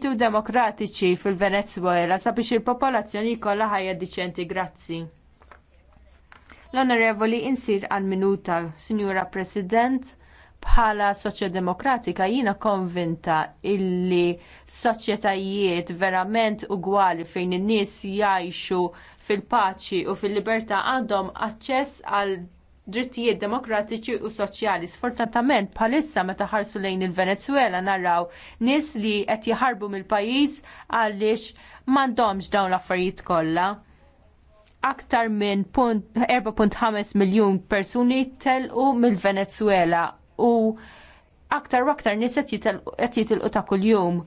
partitu demokratiċi fil-Venezuela sabiex il-popolazzjoni jkollha ħajja diċenti grazzi. L-Onorevoli insir għal minuta, Sinjura President, bħala soċjodemokratika jiena konvinta illi soċjetajiet verament ugwali fejn in-nies jgħixu fil-paċi u fil-libertà għandhom aċċess għal drittijiet demokratiċi u soċjali. Sfortunatament bħalissa meta ħarsu lejn il-Venezuela naraw nies li qed jaħarbu mill-pajjiż għaliex m'għandhomx dawn l-affarijiet kollha. Aktar minn 4.5 miljun persuni telqu mill-Venezuela u aktar u aktar nies qed jitilqu ta' kuljum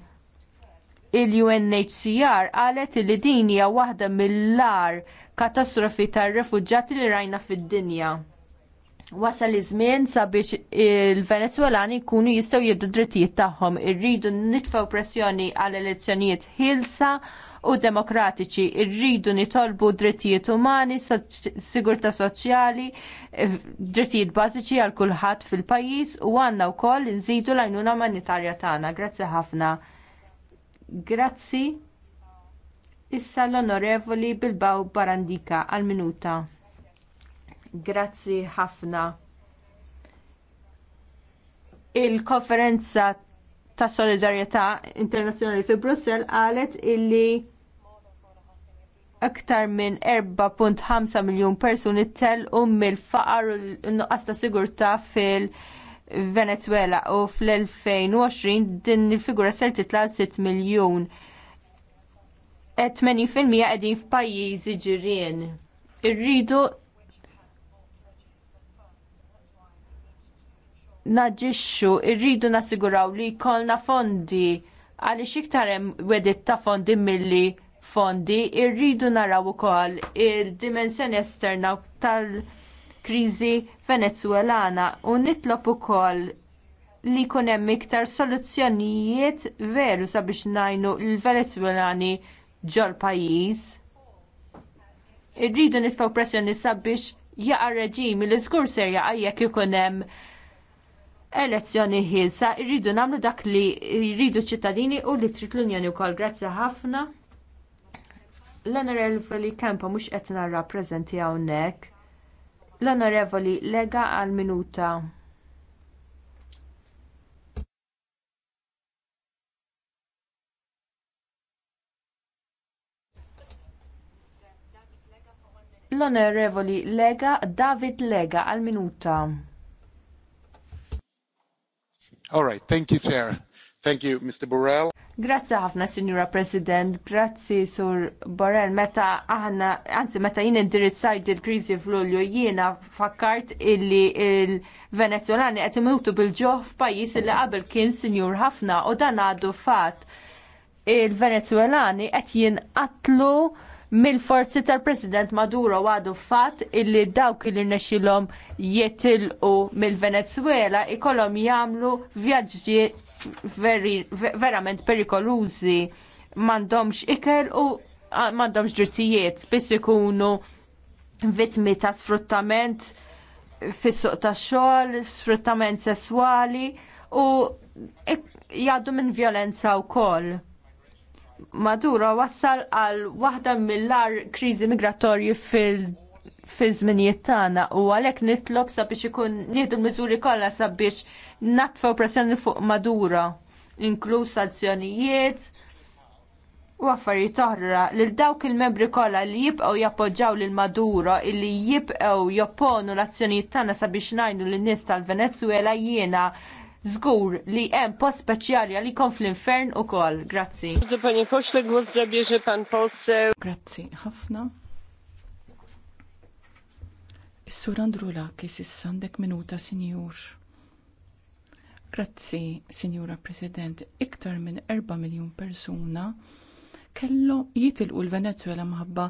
il-UNHCR qalet li din hija waħda mill-ar katastrofi tar-refuġġati li rajna fid-dinja wasal iż-żmien sabiex il venezwelani jkunu jistgħu jiddu drittijiet tagħhom. Irridu nitfgħu pressjoni għal elezzjonijiet ħilsa u demokratiċi, irridu nitolbu drittijiet umani, sigurtà soċjali, drittijiet bażiċi għal kulħadd fil-pajjiż u għandna wkoll nżidu l-għajnuna umanitarja tagħna. Grazzi ħafna. Grazzi. Issa l-Onorevoli Bilbao Barandika għal minuta. Grazzi ħafna. Il-konferenza ta' solidarjetà internazzjonali fi Brussell qalet illi aktar minn 4.5 miljun persuni telqu mill-faqar u nuqqas ta' sigurtà fil-Venezuela u fl-2020 din il-figura ser titla' 6 miljun. 80% e qegħdin f'pajjiżi ġirien. Irridu naġixxu, irridu nassiguraw li jkollna fondi għaliex iktar hemm wedit ta' fondi milli fondi irridu naraw ukoll il-dimensjoni esterna tal-kriżi Venezwelana u nitlob ukoll li jkun hemm iktar soluzzjonijiet veru sabiex ngħinu l-Venezwelani ġol pajjiż. Irridu nitfgħu pressjoni sabiex jaqa' reġimi li żgur serja jaqa' jekk ikun hemm elezzjoni ħielsa jridu nagħmlu dak li jridu ċittadini u li trid l-Unjoni wkoll. Grazzi ħafna. L-Onorevoli Kempa mhux qed narra preżenti hawnhekk. L-Onorevoli Lega għal minuta. L-Onorevoli Lega David Lega għal minuta. All right, thank you, Chair. Thank you, Mr. Borrell. Grazzi ħafna, Signora President. Grazzi, Sur Borrell. Meta aħna, anzi, meta jien indirizzajt il-krizi f'Lulju, jiena fakkart illi il-Venezolani qed imutu bil-ġoħ f'pajjiż illi qabel kien sinjur ħafna u dan għadu fatt il-Venezolani qed jinqatlu mill-forzi tal-President Maduro għadu fatt illi dawk li rnexxilhom jitilqu mill-Venezuela ikollhom jagħmlu vjaġġi verament perikolużi m'għandhomx ikel u m'għandhomx drittijiet spiss ikunu vittmi ta' sfruttament fis-suq tax-xogħol, sfruttament sesswali u jgħaddu minn vjolenza wkoll. Maduro wassal għal waħda mill-ar kriżi migratorji fil- fi żminijiet tagħna u għalhekk nitlob sabiex ikun nieħdu miżuri kollha sabiex natfa pressjoni fuq Maduro, inkluż sanzjonijiet u affarijiet oħra lil dawk il-membri kollha li jibqgħu jappoġġjaw lil Maduro illi jibqgħu jopponu l-azzjonijiet tagħna sabiex ngħinu lin-nies tal-Venezwela jiena żgur li hemm post speċjali għalikom fl-infern ukoll. Grazzi. Panie pośle, głos zabierze pan poseł. Grazzi ħafna. Is-sur Andrula kis sandek minuta sinjur. Grazzi, Sinjura President, iktar minn 4 miljun persuna kello jitilqu l-Venezuela maħabba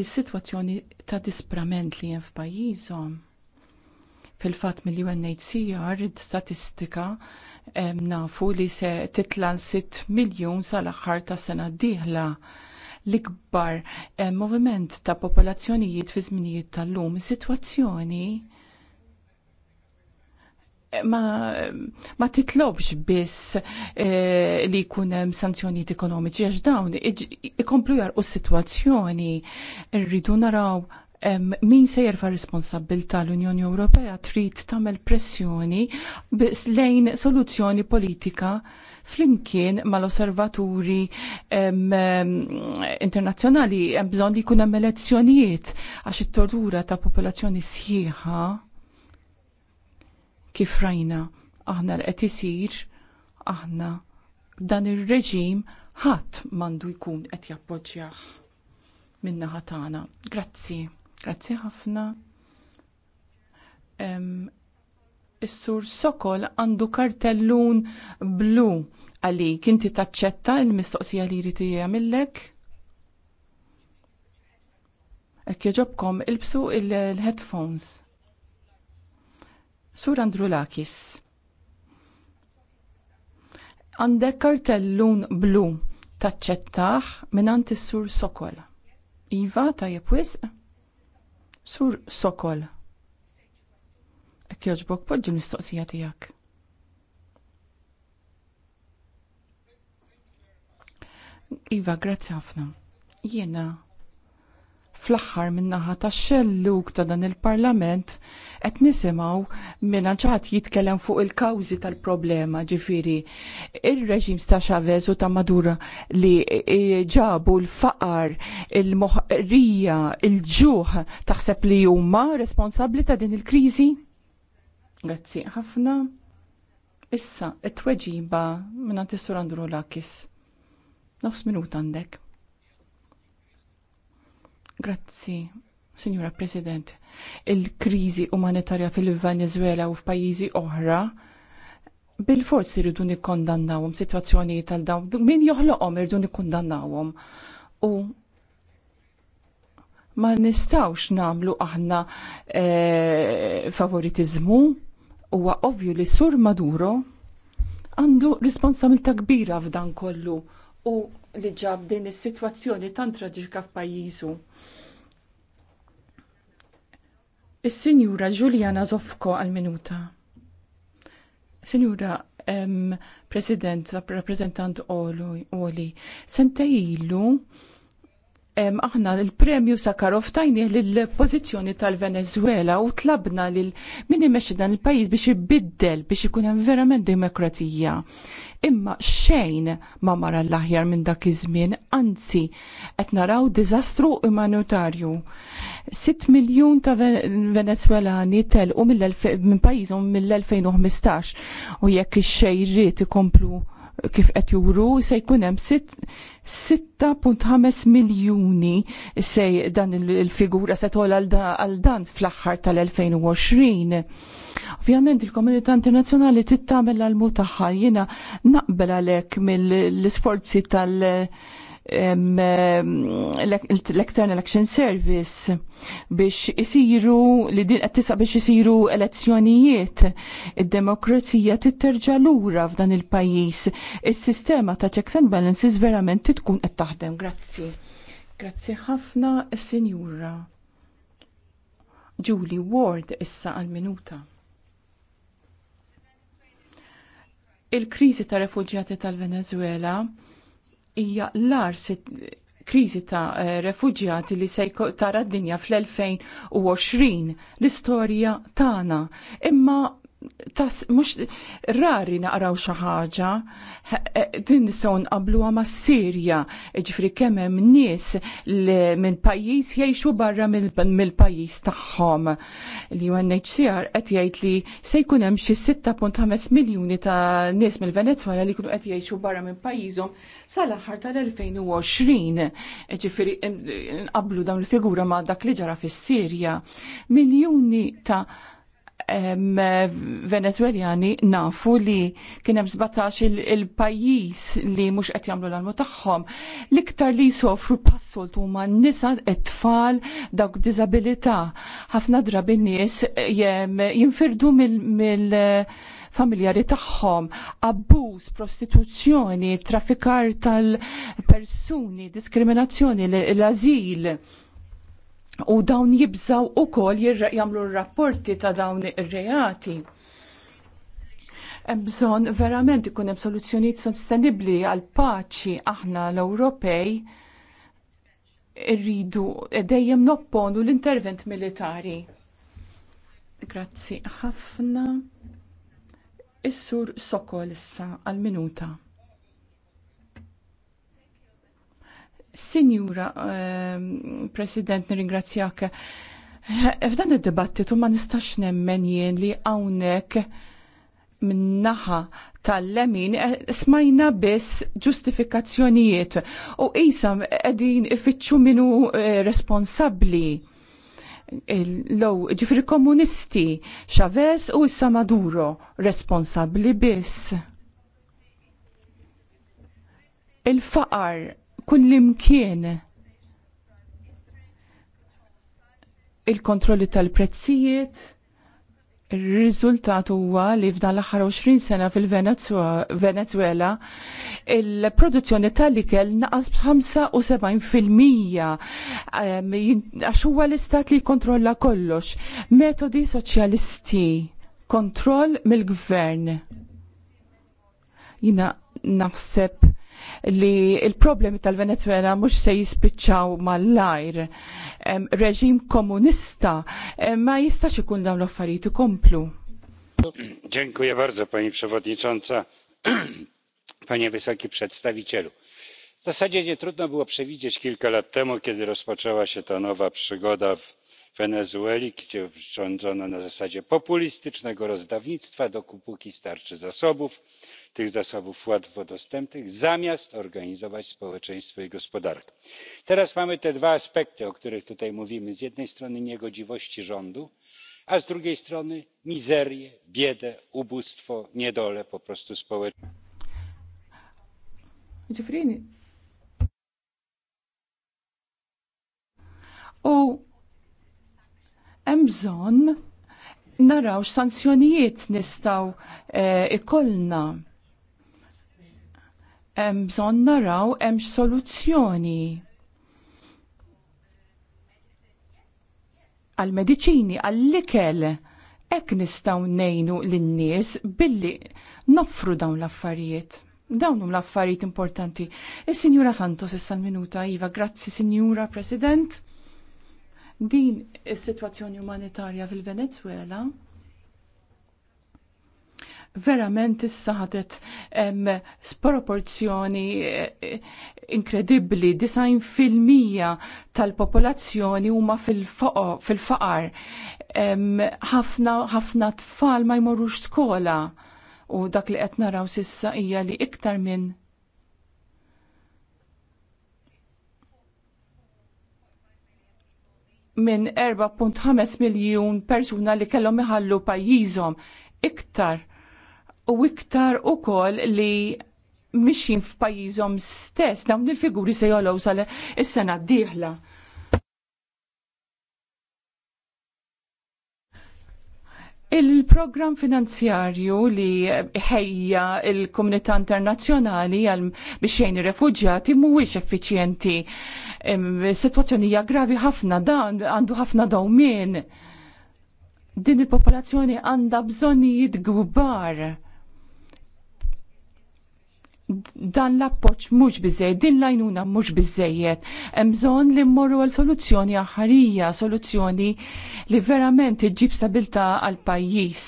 s-sitwazzjoni ta' disprament li hemm f'pajjiżhom Fil-fatt mill-UNHCR id-statistika nafu li se titla l-6 miljun sal-aħħar tas sena d-dieħla l-ikbar moviment ta' popolazzjonijiet fi żminijiet tal-lum. Is-sitwazzjoni ma, ma titlobx biss eh, li jkun hemm sanzjonijiet ekonomiċi għax dawn ikomplu jarqu s-sitwazzjoni rridu naraw min se jerfa' responsabilta l-Unjoni Ewropea trid tagħmel pressjoni lejn soluzzjoni politika flimkien mal-osservaturi internazzjonali hemm bżonn li jkun hemm elezzjonijiet għax it-tortura ta' popolazzjoni sħiħa kif rajna aħna qed isir aħna dan ir-reġim ħadd m'għandu jkun qed jappoġġjah minna ħatana. Grazzi. Grazzi ħafna. Is-sur Sokol għandu kartellun blu għalik inti taċċetta il-mistoqsija li jrid jagħmilek? jġobkom jogħġobkom ilbsu il-headphones. Sur Andru Lakis. Għandek kartellun blu taċċettaħ minn is-sur Sokol. Iva tajjeb wisq? Sur Sokol. Ek joġbok podġi mistoqsija tijak. Iva, grazie għafna. Jena Yeah, no fl-aħħar min-naħa tax-xelluk ta' dan il-Parlament qed nisimgħu minn ġaħat jitkellem fuq il-kawżi tal-problema ġifiri ir-reġim ta' Chavez u ta' Madura li ġabu l-faqar, il-moħrija, il-ġuħ taħseb li huma responsabbli ta' din il-kriżi? Grazzi ħafna. Issa, it-tweġiba minn għantisur Andru Lakis. Nofs minuta għandek. Grazzi, Signora President. Il-kriżi umanitarja fil-Venezuela u f'pajjiżi oħra bil fors irridu nikkondannawhom sitwazzjonijiet tal-dawn, min joħloqhom irridu nikkondannawhom. U ma nistawx namlu aħna favoritiżmu eh, favoritizmu huwa ovvju li Sur Maduro għandu responsabilità kbira f'dan kollu u li ġab din is-sitwazzjoni tan traġika f'pajjiżu. Is-Sinjura Juliana Zofko għal-minuta. Sinjura President, rappresentant Oli, Sentejlu, aħna l-premju Sakarov tajni lill-pożizzjoni tal-Venezuela u tlabna lil min imexxi dan il-pajjiż biex ibiddel biex ikun hemm verament demokrazija. Imma xejn ma mara l-aħjar minn dak iż-żmien, anzi qed naraw diżastru umanitarju. 6 miljun ta' Venezuelani telqu minn pajjiżhom mill-2015 u jekk ix-xejriet ikomplu kif qed juru se jkun hemm 6.5 miljuni se dan il-figura se tol għal dan fl-aħħar tal-2020. Ovvjament il-komunità internazzjonali tittamel għal mutaħħa jiena naqbel għalhekk mill-isforzi tal- l-External Election Service biex isiru li din qed tisa biex isiru elezzjonijiet id-demokrazija titterġa' lura f'dan il-pajjiż. Is-sistema ta' checks and balances verament titkun qed taħdem. Grazzi. Grazzi ħafna is-Sinjura. Julie Ward issa għal-minuta. Il-kriżi ta' refuġjati tal-Venezuela hija l-ar kriżi ta' eh, refugjati li se tara d-dinja fl-2020 l-istorja tagħna. Imma tas mux rari naqraw xi ħaġa e, din nistgħu nqabluha ma' Sirja, ġifri kemm hemm nies minn pajjiż jgħixu barra mill-pajjiż tagħhom. l unhcr qed jgħid li se jkun hemm xi 6.5 miljuni ta' nies mill-Venezwela li jkunu qed jgħixu barra minn pajjiżhom sal-aħħar tal-2020. Ġifieri nqablu dawn il-figura ma' dak li ġara fis-Sirja. Miljuni ta' Venezueljani nafu li kien hemm 17 il-pajjiż li mhux qed jagħmlu l-almu tagħhom. L-iktar li jsofru passolt huma n-nisa t-tfal dawk diżabilità. Ħafna drabi nis nies jinfirdu mill familjari tagħhom, abbuż, prostituzzjoni, trafikar tal-persuni, diskriminazzjoni, l-azil. U dawn jibżaw u kol jamlu r-rapporti ta' dawn ir-reati bżon verament ikun hemm soluzzjonijiet sostenibbli għal paċi aħna l-Ewropej irridu dejjem nopponu l-intervent militari. Grazzi ħafna. Is-sur Sokol issa għal minuta. Sinjura ehm, President, nirringrazzjak. F'dan id-dibattitu ma nistax nemmen jien li hawnhekk minnaħa tal-lemin eh, smajna biss ġustifikazzjonijiet u qisam qegħdin ifittxu minu eh, responsabbli l-low ġifri komunisti Chavez u issa Maduro responsabbli biss. Il-faqar imkien il-kontrolli tal-prezzijiet, Il-riżultat huwa li f'dan l-aħħar 20 sena fil-Venezuela il-produzzjoni tal-ikel naqas b'75% ehm, għax huwa l-istat li jkontrolla kollox. Metodi soċjalisti, kontroll mill-gvern. Jina naħseb li il-problemi tal-Venezuela mux se jispiċċaw mal-lajr. Reġim komunista ma jistax ikun dawn l-affarijiet ikomplu. Dziękuję bardzo pani przewodnicząca, panie wysoki przedstawicielu. W zasadzie nie trudno było przewidzieć kilka lat temu, kiedy rozpoczęła się ta nowa przygoda w wenezueli gdzie rządzono na zasadzie populistycznego rozdawnictwa dopóki starczy zasobów tych zasobów łatwo dostępnych zamiast organizować społeczeństwo i gospodarkę. teraz mamy te dwa aspekty o których tutaj mówimy z jednej strony niegodziwości rządu a z drugiej strony mizerię biedę ubóstwo niedolę po prostu społeczną. u hemm bżonn naraw sanzjonijiet nistgħu e, ikollna hemm bżonn naraw hemm soluzzjoni. Għal-mediċini, għall-ikel, hekk nistgħu ngħinu lin-nies billi noffru dawn l-affarijiet. Dawn hum l-affarijiet importanti. Is-Sinjura Santos issa l-minuta iva, grazzi Sinjura President. Din is-sitwazzjoni umanitarja fil-Venezuela verament issa ħadet sproporzjoni eh, inkredibbli, 90% tal-popolazzjoni huma fil-faqar. Ħafna ħafna tfal ma jmorrux skola u dak li qed naraw sissa hija li iktar minn minn 4.5 miljun persuna li kellhom iħallu pajjiżhom iktar u iktar kol li mixin f'pajjiżhom stess dawn il-figuri se jolgħu sal is-sena d-dieħla. Il-program finanzjarju li ħejja il-komunità internazzjonali għal biex jgħin mhuwiex effiċjenti. Situazzjoni hija gravi ħafna dan għandu ħafna dawmin. Din il-popolazzjoni għandha bżonnijiet kbar dan l-appoċ mux bizzej, din lajnuna mux bizzejiet. Mżon li mmorru għal soluzzjoni aħarija, soluzzjoni li verament iġib stabilta għal pajis.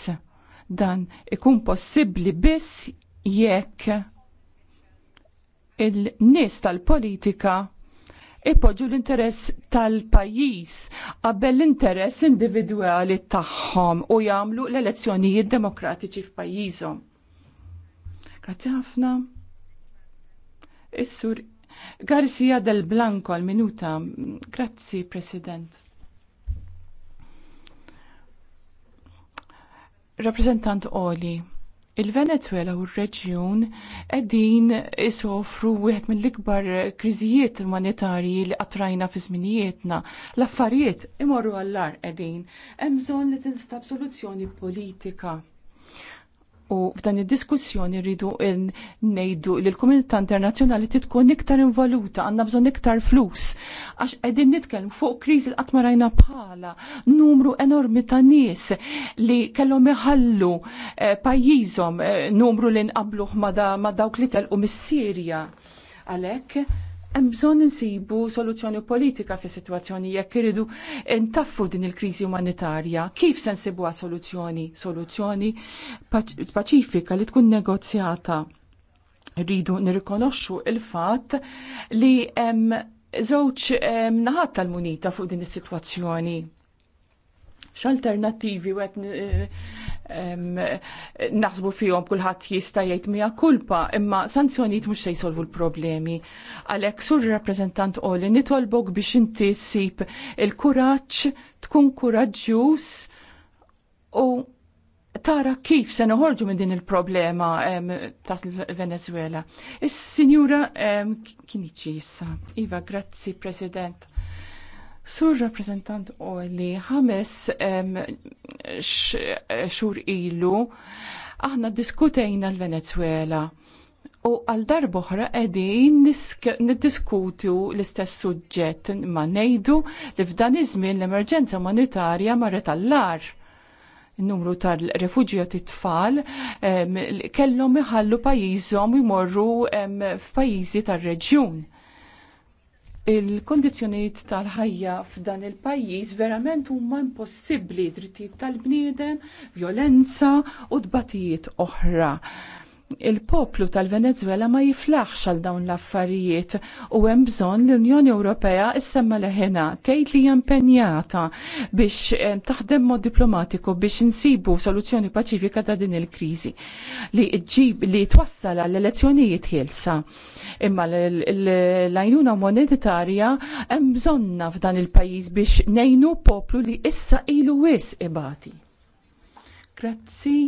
Dan ikun possibli biss jekk il-nis tal-politika ipoġġu l-interess tal-pajis qabel l-interess individwali tagħhom u jagħmlu l-elezzjonijiet demokratiċi f'pajjiżhom. Grazzi ħafna. Is-sur Garcia del Blanco al minuta. Grazzi, President. Rappresentant Oli, il-Venezuela u r-reġjun qegħdin isofru wieħed mill-ikbar kriżijiet umanitarji li qatrajna fi żminijietna. L-affarijiet imorru għall-ar qegħdin. Hemm bżonn li tinstab soluzzjoni politika U f'dan id-diskussjoni rridu ngħidu li l-komunità internazzjonali titkun iktar involuta, għandna bżonn iktar flus. Għax qegħdin nitkellmu fuq kriżi l-qatt ma rajna bħala numru enormi ta' nies li kellhom iħallu eh, pajjiżhom eh, numru li nqabluh ma' dawk li telqu mis-Sirja. Għalhekk hemm bżonn insibu soluzzjoni politika fis sitwazzjoni jekk iridu ntaffu din il-kriżi umanitarja. Kif se nsibuha soluzzjoni? Soluzzjoni paċifika li tkun negozjata. Rridu nirrikonoxxu il-fatt li hemm żewġ naħat tal-munita fuq din is-sitwazzjoni x'alternattivi wet eh, naħsbu fihom kulħadd jista' jgħid miha kulpa, imma sanzjonijiet mhux se jsolvu l-problemi. Għalhekk sur rappreżentant qoli nitolbok biex inti ssib il-kuraġġ tkun kuraġġjuż u tara kif se noħorġu minn din il-problema ta' venezuela Is-Sinjura Kiniċi issa. Iva, grazzi, President. Sur rappresentant u li ħames xur ilu, aħna diskutejna l-Venezuela u għal darboħra edin niddiskutu l-istess suġġett ma nejdu li f'dan iż-żmien l-emerġenza umanitarja marret allar numru tal-refugjati tfal kellhom iħallu pajjiżhom imorru f'pajjiżi tar-reġjun il-kondizjoniet tal-ħajja f'dan il-pajjiż verament huma impossibbli drittijiet tal-bniedem, violenza u tbatijiet oħra il-poplu tal-Venezuela ma jiflaħx għal dawn l-affarijiet u hemm bżonn l-Unjoni Ewropea issemma leħena tgħid li jampenjata biex eh, taħdem mod diplomatiku biex insibu soluzzjoni paċifika ta' din il-kriżi li ġib li twassal għall elezzjonijiet ħielsa. Imma l-għajnuna monetarja hemm bżonna f'dan il-pajjiż biex nejnu poplu li issa ilu wis ibati. Grazzi.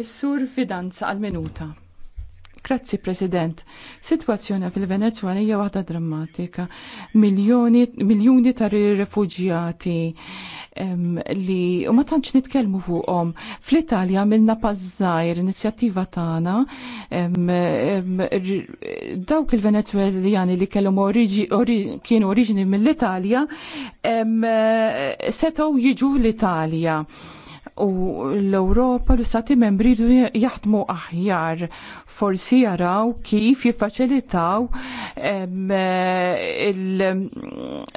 Is-sur fidanza għal-minuta. Grazzi, President. Situazzjoni fil-Venezuela hija waħda drammatika. Miljoni, miljoni ta' rifugjati li u ma tantx nitkellmu fuqhom. Fl-Italja għamilna pażżajr inizjattiva tagħna dawk il-Venezueljani li kellhom kienu oriġini mill-Italja setgħu jiġu l-Italja u l-Europa l-Stati membri jaħdmu aħjar forsi jaraw kif jiffaċilitaw eh,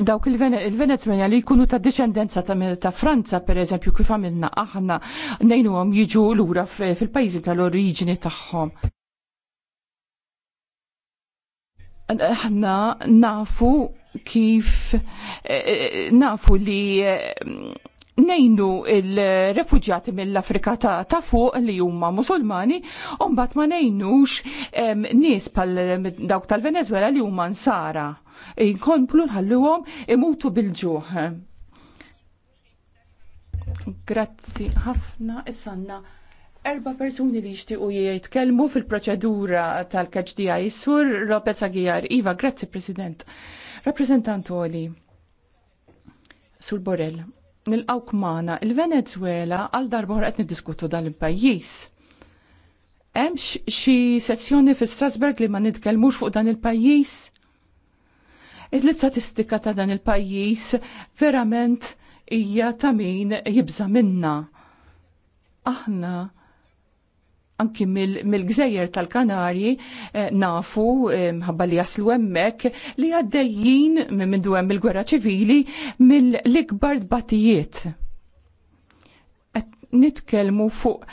dawk il-Venezuela li jkunu ta' discendenza ta' Franza per eżempju kif għamilna aħna nejnu għom jiġu l-ura fil-pajzi tal origini tagħhom. Aħna nafu kif eh, eh, nafu li nejnu il-refugjati mill-Afrika ta', ta fuq li huma musulmani, umbat ma nejnux nies pal dawk tal-Venezuela li huma nsara. Inkomplu nħalluhom imutu bil-ġuħ. Grazzi ħafna issanna erba persuni li jixtiequ jitkellmu fil-proċedura tal-KHDI sur Robert Sagijar. Iva, grazzi President. Rappresentant Oli. Sur Borrell nilqawk magħna il-Venezuela għal darba qed niddiskutu dan il-pajjiż. Hemm xi sessjoni fi Strasburg li ma nitkellmux fuq dan il-pajjiż? Il-istatistika ta' dan il-pajjiż verament hija ta' min jibża minna. Aħna anki mill-gżejjer tal-Kanarji eh, nafu eh, ħabba li jaslu hemmhekk li għaddejjin minn mindu hemm il-gwerra ċivili mill-ikbar dbatijiet. Qed nitkellmu fuq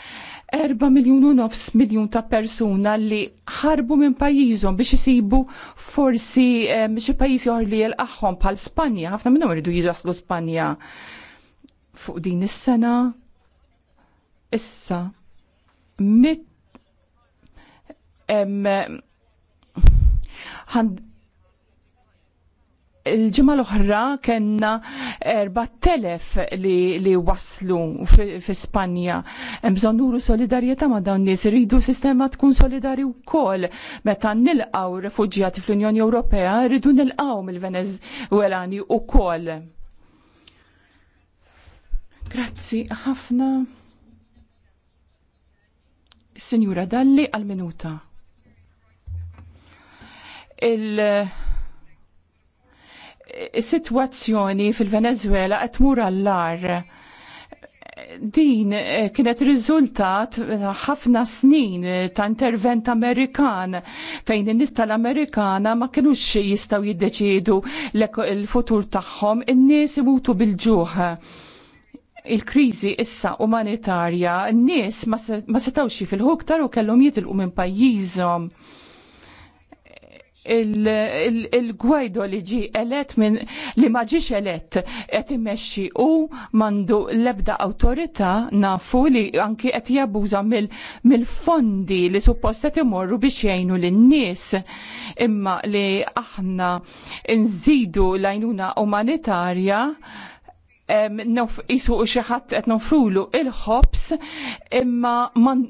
4 miljun u nofs miljun ta' persuna li ħarbu minn pajjiżhom biex isibu forsi eh, xi pajjiż joħor li jelqaħħom bħal Spanja, ħafna minnhom iridu jiġaslu Spanja fuq din is-sena. Issa, mit il-ġimma l-oħra kena 4.000 li, li waslu fi Spanja. Mżon bżonnuru solidarieta ma dawn nies rridu sistema tkun solidari u kol. Meta nilqaw refugjati fl-Unjoni Ewropea, rridu nilqaw mill-Venezuelani u kol. Grazzi ħafna. Sinjura Dalli għal minuta. Il Is-sitwazzjoni fil-Venezuela qed mur għall-ar din eh, kienet riżultat ħafna snin ta' intervent Amerikan fejn in-nies tal-Amerikana ma kinux jistgħu jiddeċiedu l-futur tagħhom, in-nies imutu bil-ġuħ il-krizi issa umanitarja, n-nies ma setawx fil-ħu u kellhom jitilqu minn pajjiżhom il-gwajdo li ġi elet minn li ma ġiex elet qed imexxi u mandu l-ebda awtorità nafu li anki qed jabuża mill-fondi li suppost qed imorru biex jgħinu lin-nies imma li aħna nżidu l-għajnuna umanitarja jisu u xieħat qed nofrulu il-ħobs imma man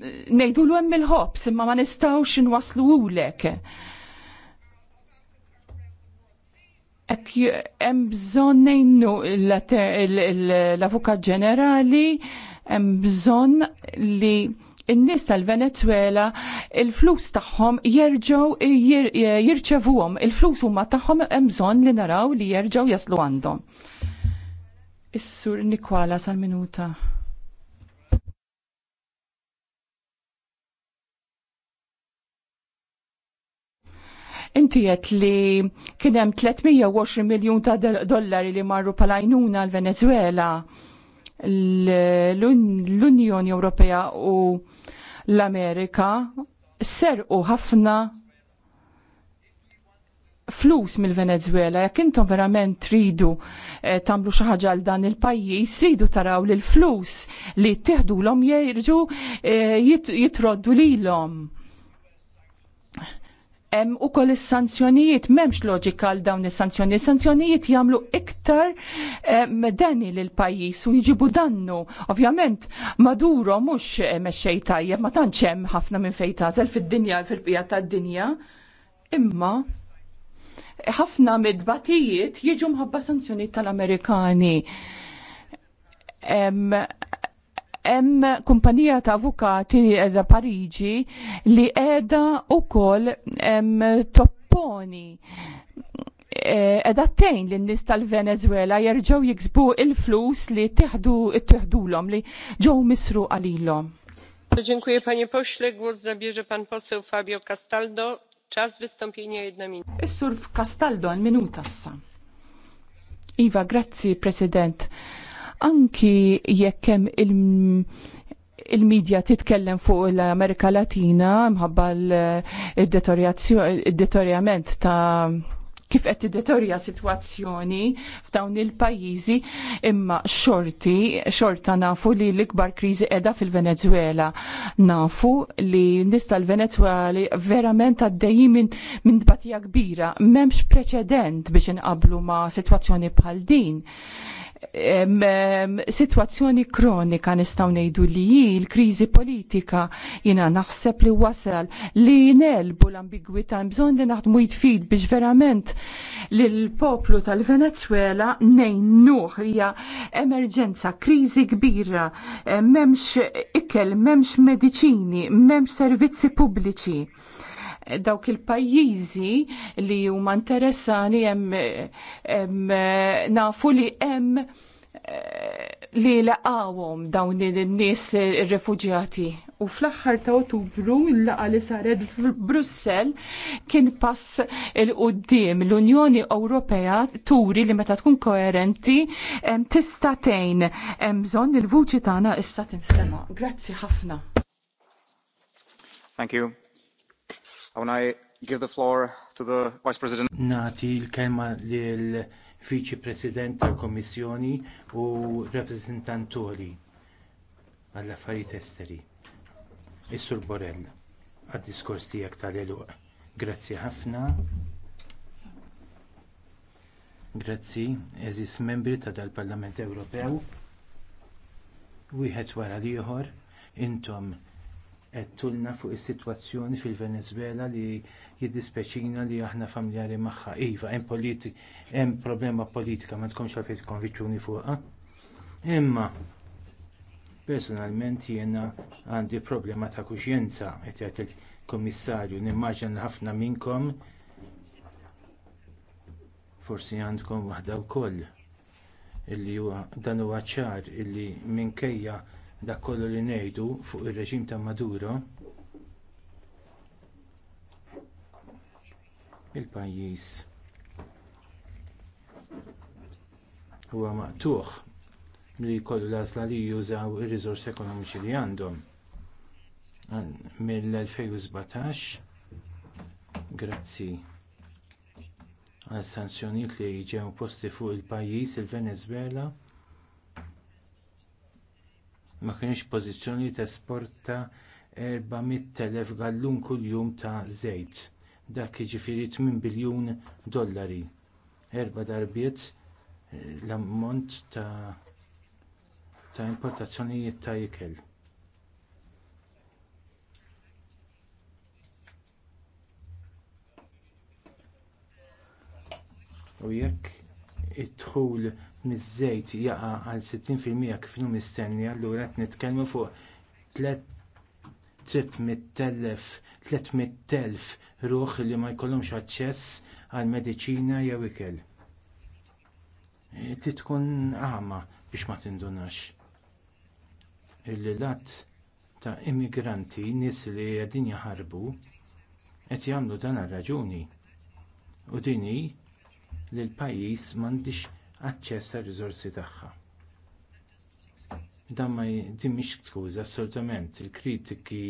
nejdu l-għem il-ħobs imma ma nistawx nwaslu ulek. Ek jem bżon nejnu l-avukat ġenerali, jem bżon li n nies tal-Venezuela il-flus tagħhom jerġgħu jirċevuhom, il-flus huma tagħhom hemm bżonn li naraw li jerġgħu jaslu għandhom. Is-sur Nikola sal-minuta. Inti qed li kien hemm 320 miljun ta' dollari li marru palajnuna l Venezuela l-Unjoni Ewropea u l-Amerika serqu ħafna flus mill-Venezuela, jekk intom verament tridu eh, tamlu xi ħaġa għal dan il-pajjiż, tridu taraw li l-flus li tieħdulhom jerġu eh, jit jitroddu lilhom. Hemm ukoll is-sanzjonijiet m'hemmx loġika għal dawn is-sanzjonijiet. Sanzjonijiet jagħmlu iktar eh, deni lil pajjiż u jġibu dannu. Ovvjament Maduro mhux eh, mexxej tajjeb ma tantx hemm ħafna minn fejn tażel fid-dinja fil bija tad-dinja. Imma ħafna mid-batijiet jiġu mħabba sanzjoni tal-Amerikani. Hemm kumpanija ta' avukati da Pariġi li qiegħda wkoll topponi e, edattejn l nies tal-Venezuela jerġgħu jiksbu il-flus li tiħdu l-om li ġew misru għalilom. Dziękuję panie pośle. Głos zabierze pan poseł Fabio Castaldo Ċas jedna Is-sur Castaldo għal minuta issa. Iva, grazzi, President. Anki jekkem il- il-medja titkellem fuq l-Amerika Latina mħabba l-detorjament ta' kif qed tiddetorja sitwazzjoni f'dawn il-pajjiżi imma xorti xorta nafu li l-ikbar kriżi qiegħda fil-Venezuela. Nafu li nista' l venezueli verament għaddejjin minn min batija kbira m'hemmx preċedent biex inqablu ma' sitwazzjoni bħal din situazzjoni kronika nistaw nejdu li hi l-kriżi politika jina naħseb li wasal li nelbu l-ambigwità bżonn li naħdmu jitfid biex verament li l-poplu tal-Venezuela ngħinuh hija emerġenza, kriżi kbira, memx ikel, memx mediċini, memx servizzi pubbliċi dawk il-pajjiżi li huma interessani hemm nafu li hemm eh, li laqawhom dawn in-nies ir-refuġjati. U fl-aħħar ta' Ottubru l-laqa li saret f'Brussell kien pass il qudiem l-Unjoni Ewropea turi li meta tkun koerenti tista' tgħin hemm bżonn il-vuċi tagħna issa tinstema'. Grazzi ħafna. Thank you. I give the floor to the Vice President. Nati l-kelma lil Viċi President tal-Kommissjoni u rappresentanturi għall-affarijiet esteri. Is-Sur Borrell għad-diskors tiegħek tal-eluq. Grazzi ħafna. Grazzi, eżis membri ta' dal-Parlament Ewropew. Wieħed wara l intom qed tulna fuq is-sitwazzjoni fil-Venezuela li jiddispeċina li aħna familjari magħha. Iva, hemm politi hemm problema politika ma tkomx għalfejn konvinċjoni fuqha. Imma personalment jiena għandi problema ta' kuxjenza qed jgħid il-Kummissarju nimmaġan ħafna minnkom forsi għandkom waħda wkoll illi huwa dan huwa ċar illi minkejja dak kollu li ngħidu fuq ir-reġim ta' Maduro il-pajjiż huwa maqtuħ li jkollu l-għażla li jużaw ir-riżorsi ekonomiċi li għandhom mill-2017 grazzi għal sanzjonijiet li ġew posti fuq il-pajjiż il-Venezwela ma kienx pożizzjoni tesporta 400,000 gallun kuljum ta' żejt. Dak jiġifieri 8 biljun dollari. Erba' darbiet eh, l-ammont ta' ta' importazzjonijiet ta' ikel. U jekk id-dħul miż-żejt jaqa' għal 60% kif inhu mistenni allura qed nitkellmu fuq 300,000 ruħ li ma jkollhomx aċċess għal mediċina jew ikel. E, ti tkun għama biex ma tindunax. Il-lat ta' immigranti, nies li qegħdin jaħarbu, qed jagħmlu dan għar-raġuni. U din hi li l-pajjiż m'għandix aċċess r-rizorsi tagħha. Dan ma mhix skuża assolutament il-kritiki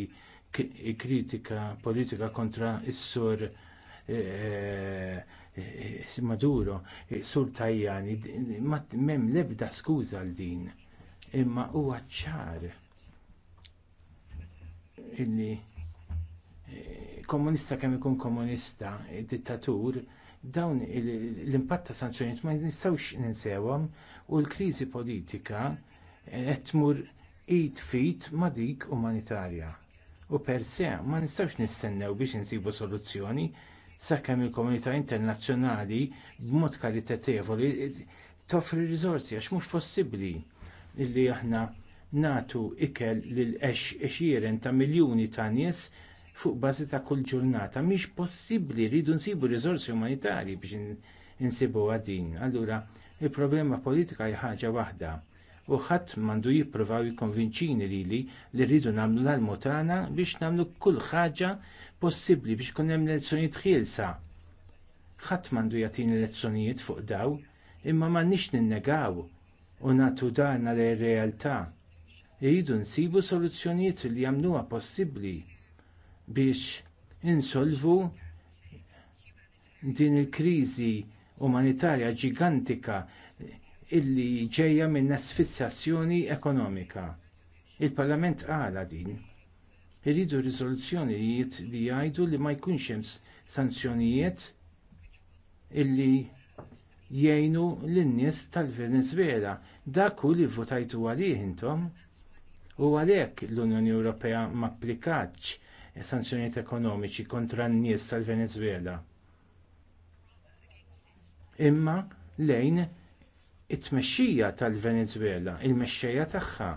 kritika politika kontra is-sur eh, eh, eh, Maduro, sur Tajjani, m'hemm l-ebda skuża għal din. Imma huwa ċar illi komunista kemm ikun komunista, dittatur, Dawn l-impatt ta' sanzjonijiet ma nistgħux ninsewhom u l-kriżi politika qed tmur id fit ma' dik umanitarja. U per se ma nistgħux nistennew biex insibu soluzzjoni sakemm il-komunità internazzjonali b'mod karitatevoli toffri riżorsi għax mhux possibbli illi aħna nagħtu ikel lil għexieren ta' miljuni ta' nies fuq bażi ta' kull ġurnata. Mhix possibbli rridu nsibu riżorsi umanitarji biex insibu għadin. Allura, il-problema politika hija ħaġa waħda u ħadd m'għandu jippruvaw jikkonvinċini lili li rridu nagħmlu l-almu tagħna biex nagħmlu kull ħaġa possibbli biex kun hemm lezzjonijiet ħielsa. Ħadd m'għandu jagħtini lezzjonijiet fuq daw, imma m'għandniex ninnegaw u nagħtu darna l-realtà. Irridu nsibu soluzzjonijiet li jagħmluha possibbli biex insolvu din il-kriżi umanitarja ġigantika illi ġejja minn asfissjazzjoni ekonomika. Il-Parlament għala din. Irridu rizoluzzjoni li jgħidu li ma jkunx hemm sanzjonijiet illi jgħinu lin-nies tal-Venezwela. Dak hu li votajtu għalih intom. U għalhekk l-Unjoni Ewropea ma applikatx sanzjonijiet ekonomiċi kontra n-nies tal-Venezwela. Imma lejn it-tmexxija tal-Venezwela, il-mexxejja tagħha.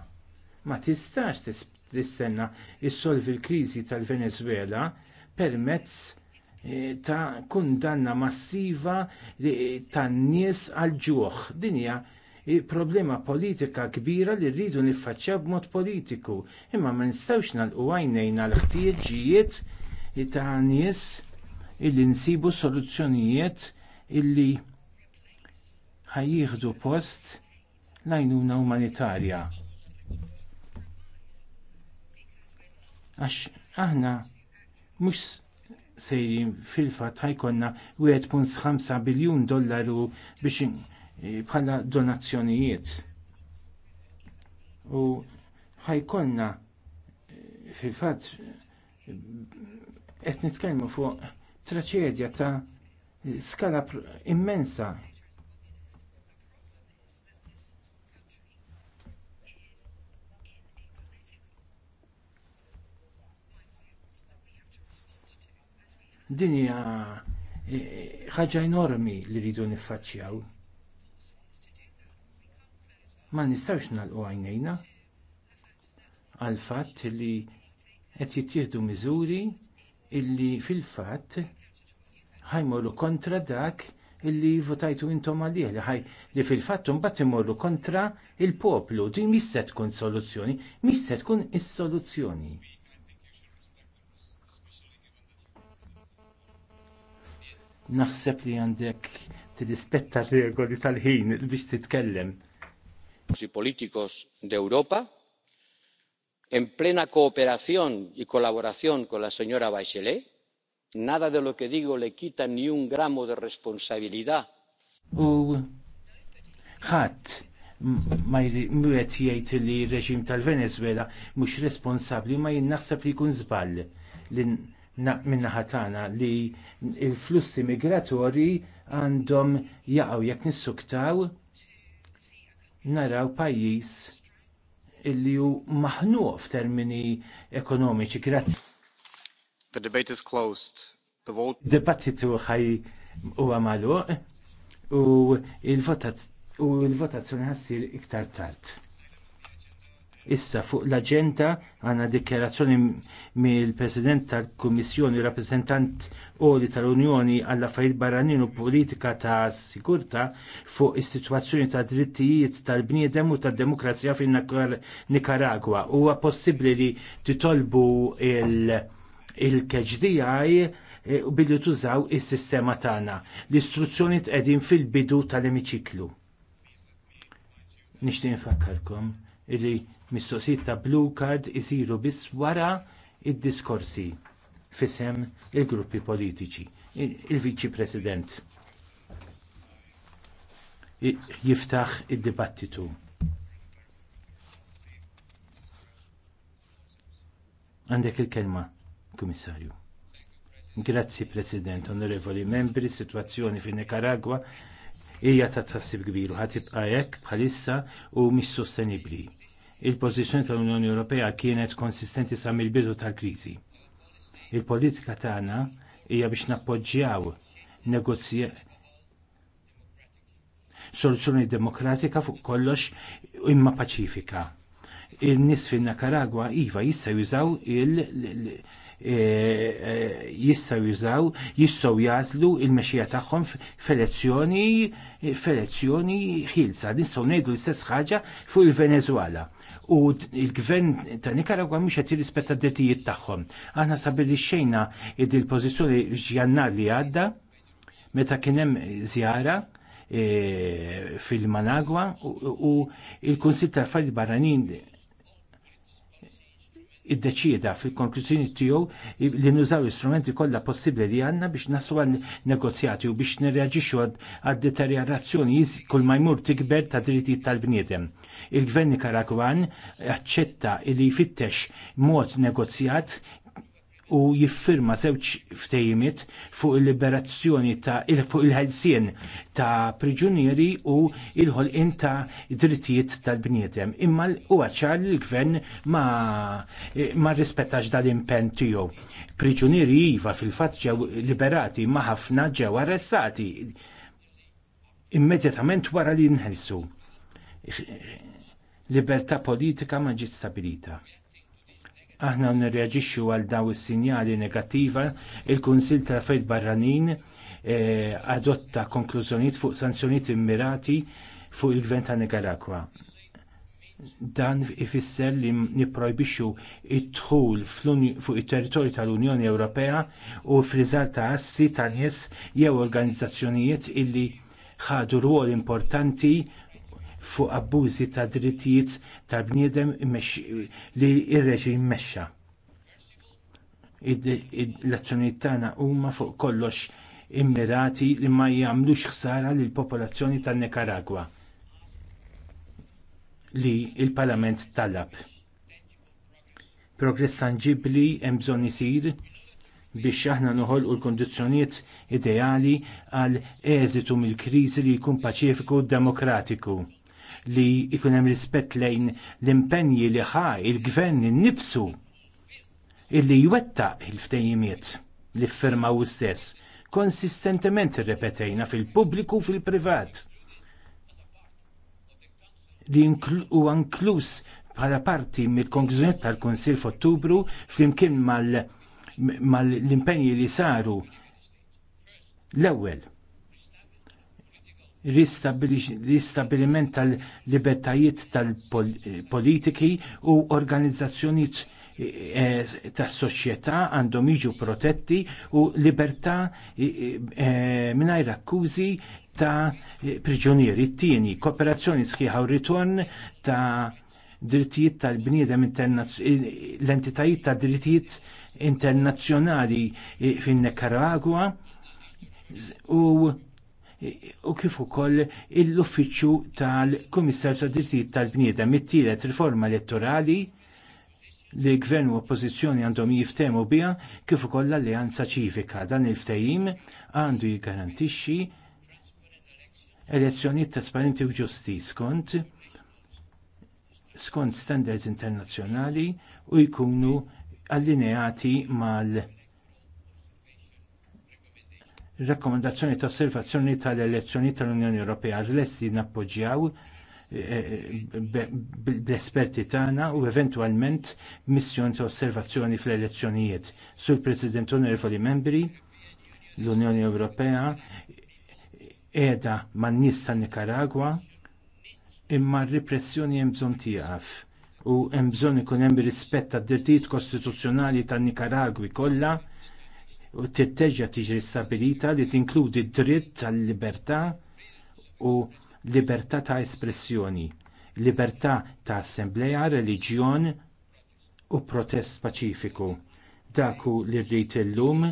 Ma tistax tistenna jissolvi l-kriżi tal-Venezwela permezz eh, ta' kundanna massiva eh, tan-nies għal ġuħ. Dinja problema politika kbira li rridu niffaċċja b'mod politiku. Imma ma nistgħux nagħlqu għajnejna l-ħtieġijiet ta' nies illi nsibu soluzzjonijiet illi ħajjieħdu post l-għajnuna umanitarja. Għax aħna mhux sejrin fil-fatt ħajkonna 1.5 biljun dollaru biex E, bħala donazzjonijiet. U ħajkonna e, fil-fatt e, qed nitkellmu fuq traċedja ta' skala immensa dinja ħaġa enormi li rridu niffaċċjaw ma nistawx nagħlqu għajnejna għal fatt li qed jittieħdu miżuri illi fil-fatt ħajmorru kontra dak illi votajtu intom għalih li ħaj li fil-fatt imbagħad imorru kontra il-poplu. Din mhix se tkun soluzzjoni, mhix se tkun is-soluzzjoni. Naħseb li għandek tirrispetta r regoli tal-ħin biex titkellem y políticos de europa en plena cooperación y colaboración con la señora bachelet nada de lo que digo le quita ni un gramo de responsabilidad. U ħadd ma jrid jgħid li r-reġim tal venezwela mhux responsabbli ma jinnaħseb li jkun żball li minnaħa tagħna li l-flussi migratorji għandhom jaqgħu jekk nissuktaw naraw pajjiż illi hu maħnuq f'termini ekonomiċi. Grazzi. The debate is closed. The vote Dibattitu ħaj huwa magħluq u l-votazzjoni ħassir iktar tard. Issa fuq l-aġenda għandna dikjarazzjoni mill-President tal-Kummissjoni rappreżentant Qoli tal-Unjoni għall affarijiet barranin u politika ta' sigurtà fuq is-sitwazzjoni ta' drittijiet tal-bniedem u tad-demokrazija fin nikaragwa Huwa possibbli li titolbu il-KHDI eh, u billi tużaw is-sistema tagħna. L-istruzzjoni tqegħdin fil-bidu tal-emiċiklu. Nixtieq nfakkarkom illi mistoqsijiet ta' blue card isiru biss wara d diskorsi fisem il-gruppi politiċi. Il-Viċi President jiftaħ id-dibattitu. Għandek il-kelma, Kummissarju. Grazzi President, onorevoli membri, situazzjoni fin Nicaragua hija ta' tħassib kbir u ħatibqa' hekk bħalissa u mhix sostenibbli. Il-pożizzjoni tal-Unjoni Ewropea kienet konsistenti sa mill-bidu tal-kriżi. Il-politika tagħna hija biex nappoġġjaw negozja soluzzjoni demokratika fuq kollox imma paċifika. Il-nis fin Nicaragua iva jista' jużaw il-, il, il Eh, eh, jistgħu jużaw, jistgħu jazlu il-mexija tagħhom f'elezzjoni f'elezzjoni ħilsa. Nistgħu ngħidu l-istess ħaġa fuq il-Venezuela. U il-gvern ta' Nicaragua mhux qed jirrispetta d-drittijiet tagħhom. Aħna stabilixxejna id-il-pożizzjoni f'Jannar li għadda meta kien hemm żjara eh, fil-Managwa u il-Kunsill tal-Affarijiet Barranin iddeċieda fil-konklużjoni tiegħu li nużaw istrumenti kollha possibbli li għandna biex naslu għal negozjati u biex nirreaġixxu għad deteriorazzjoni kull ma jmur tikber ta' drittijiet tal-bniedem. Il-gvern Nikaragwan aċċetta li jfittex mod negozjat u jiffirma żewġ ftejimiet fuq il-liberazzjoni ta' il fuq il-ħelsien ta' priġunieri u il-ħolqien ta' drittijiet tal-bniedem. Imma huwa ċar li l-gvern ma, ma rispettax dal-impenn tiegħu. Priġunieri iva fil-fatt ġew liberati ma ħafna ġew arrestati immedjatament wara li nħelsu. Libertà politika ma ġiet stabilita aħna nirreġixxu għal daw is-sinjali negattiva, il-Kunsill tal-Affarijiet Barranin eh, adotta konklużjonijiet fuq sanzjonijiet immirati fuq il-Gvern ta' Nicaragua. Dan ifisser li nipprojbixxu id-dħul fuq it-territorju tal-Unjoni Ewropea u friżar ta' assi ta' nies jew organizzazzjonijiet illi ħadu rwol importanti fuq abbużi ta' drittijiet tal-bniedem li ir-reġim mexxa. L-azzjonijiet tagħna huma fuq kollox immirati li ma jagħmlux ħsara lill popolazzjoni tan-Nikaragwa li l parlament talab. Progress tangibbli hemm bżonn isir biex aħna noħolqu l kundizzjonijiet ideali għal eżitu mill-kriżi li jkun paċifiku u demokratiku li jkun hemm rispett lejn l-impenji li ħa il-gvern innifsu illi jwetta il-ftejjimiet li u stess konsistentement irrepetejna fil-pubbliku fil-privat li u inkluż bħala parti mill-konklużjoni tal-Kunsil f'Ottubru flimkien mal-impenji li saru l-ewwel l-istabiliment tal-libertajiet tal-politiki u organizzazzjonijiet eh, tas soċjetà għandhom jiġu protetti u libertà eh, eh, mingħajr akkużi ta' priġunieri. Tieni, kooperazzjoni sħiħa u ritorn ta' drittijiet tal-bniedem l-entitajiet ta' drittijiet internazzjonali fin-Nicaragua u u kif ukoll l-uffiċċju tal-Kummissar tad Drittijiet tal-Bniedem it-tielet riforma elettorali li gvern u oppożizzjoni għandhom jiftehmu biha kif ukoll l-Alleanza Ċivika. Dan il-ftehim għandu jiggarantixxi elezzjonijiet trasparenti u ġusti skont skont standards internazzjonali u jkunu allineati mal- rakkomandazzjoni ta' osservazzjoni tal-elezzjoni tal-Unjoni Ewropea lesti nappoġġjaw eh, bl-esperti tagħna u eventwalment missjoni ta' osservazzjoni fl-elezzjonijiet. Sur President Onorevoli Membri, l-Unjoni Ewropea qiegħda man-nies ta' Nikaragwa imma r-repressjoni hemm bżonn tieqaf u hemm bżonn ikun hemm rispett tad-drittijiet kostituzzjonali tan-Nikaragwi kollha u titteġa tiġi stabilita li tinkludi dritt tal-libertà u libertà ta' espressjoni, libertà ta' assembleja, reliġjon u protest paċifiku. Dak hu li rrid illum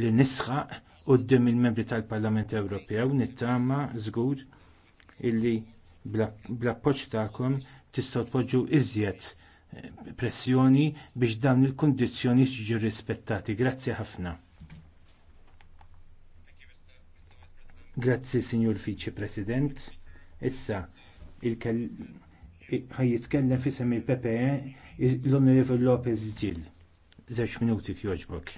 li nisħaq quddiem il-membri tal-Parlament Ewropew nittama żgur illi bl-appoġġ tagħkom tistgħu tpoġġu iżjed pressjoni biex dawn il kundizzjoni jiġu rispettati. Grazzi ħafna. Grazzi, Signor Viċi President. Issa, ħaj jitkellem fissem il-PPE l-Onorevol Lopez Gil. Zewġ minuti kjoġbok.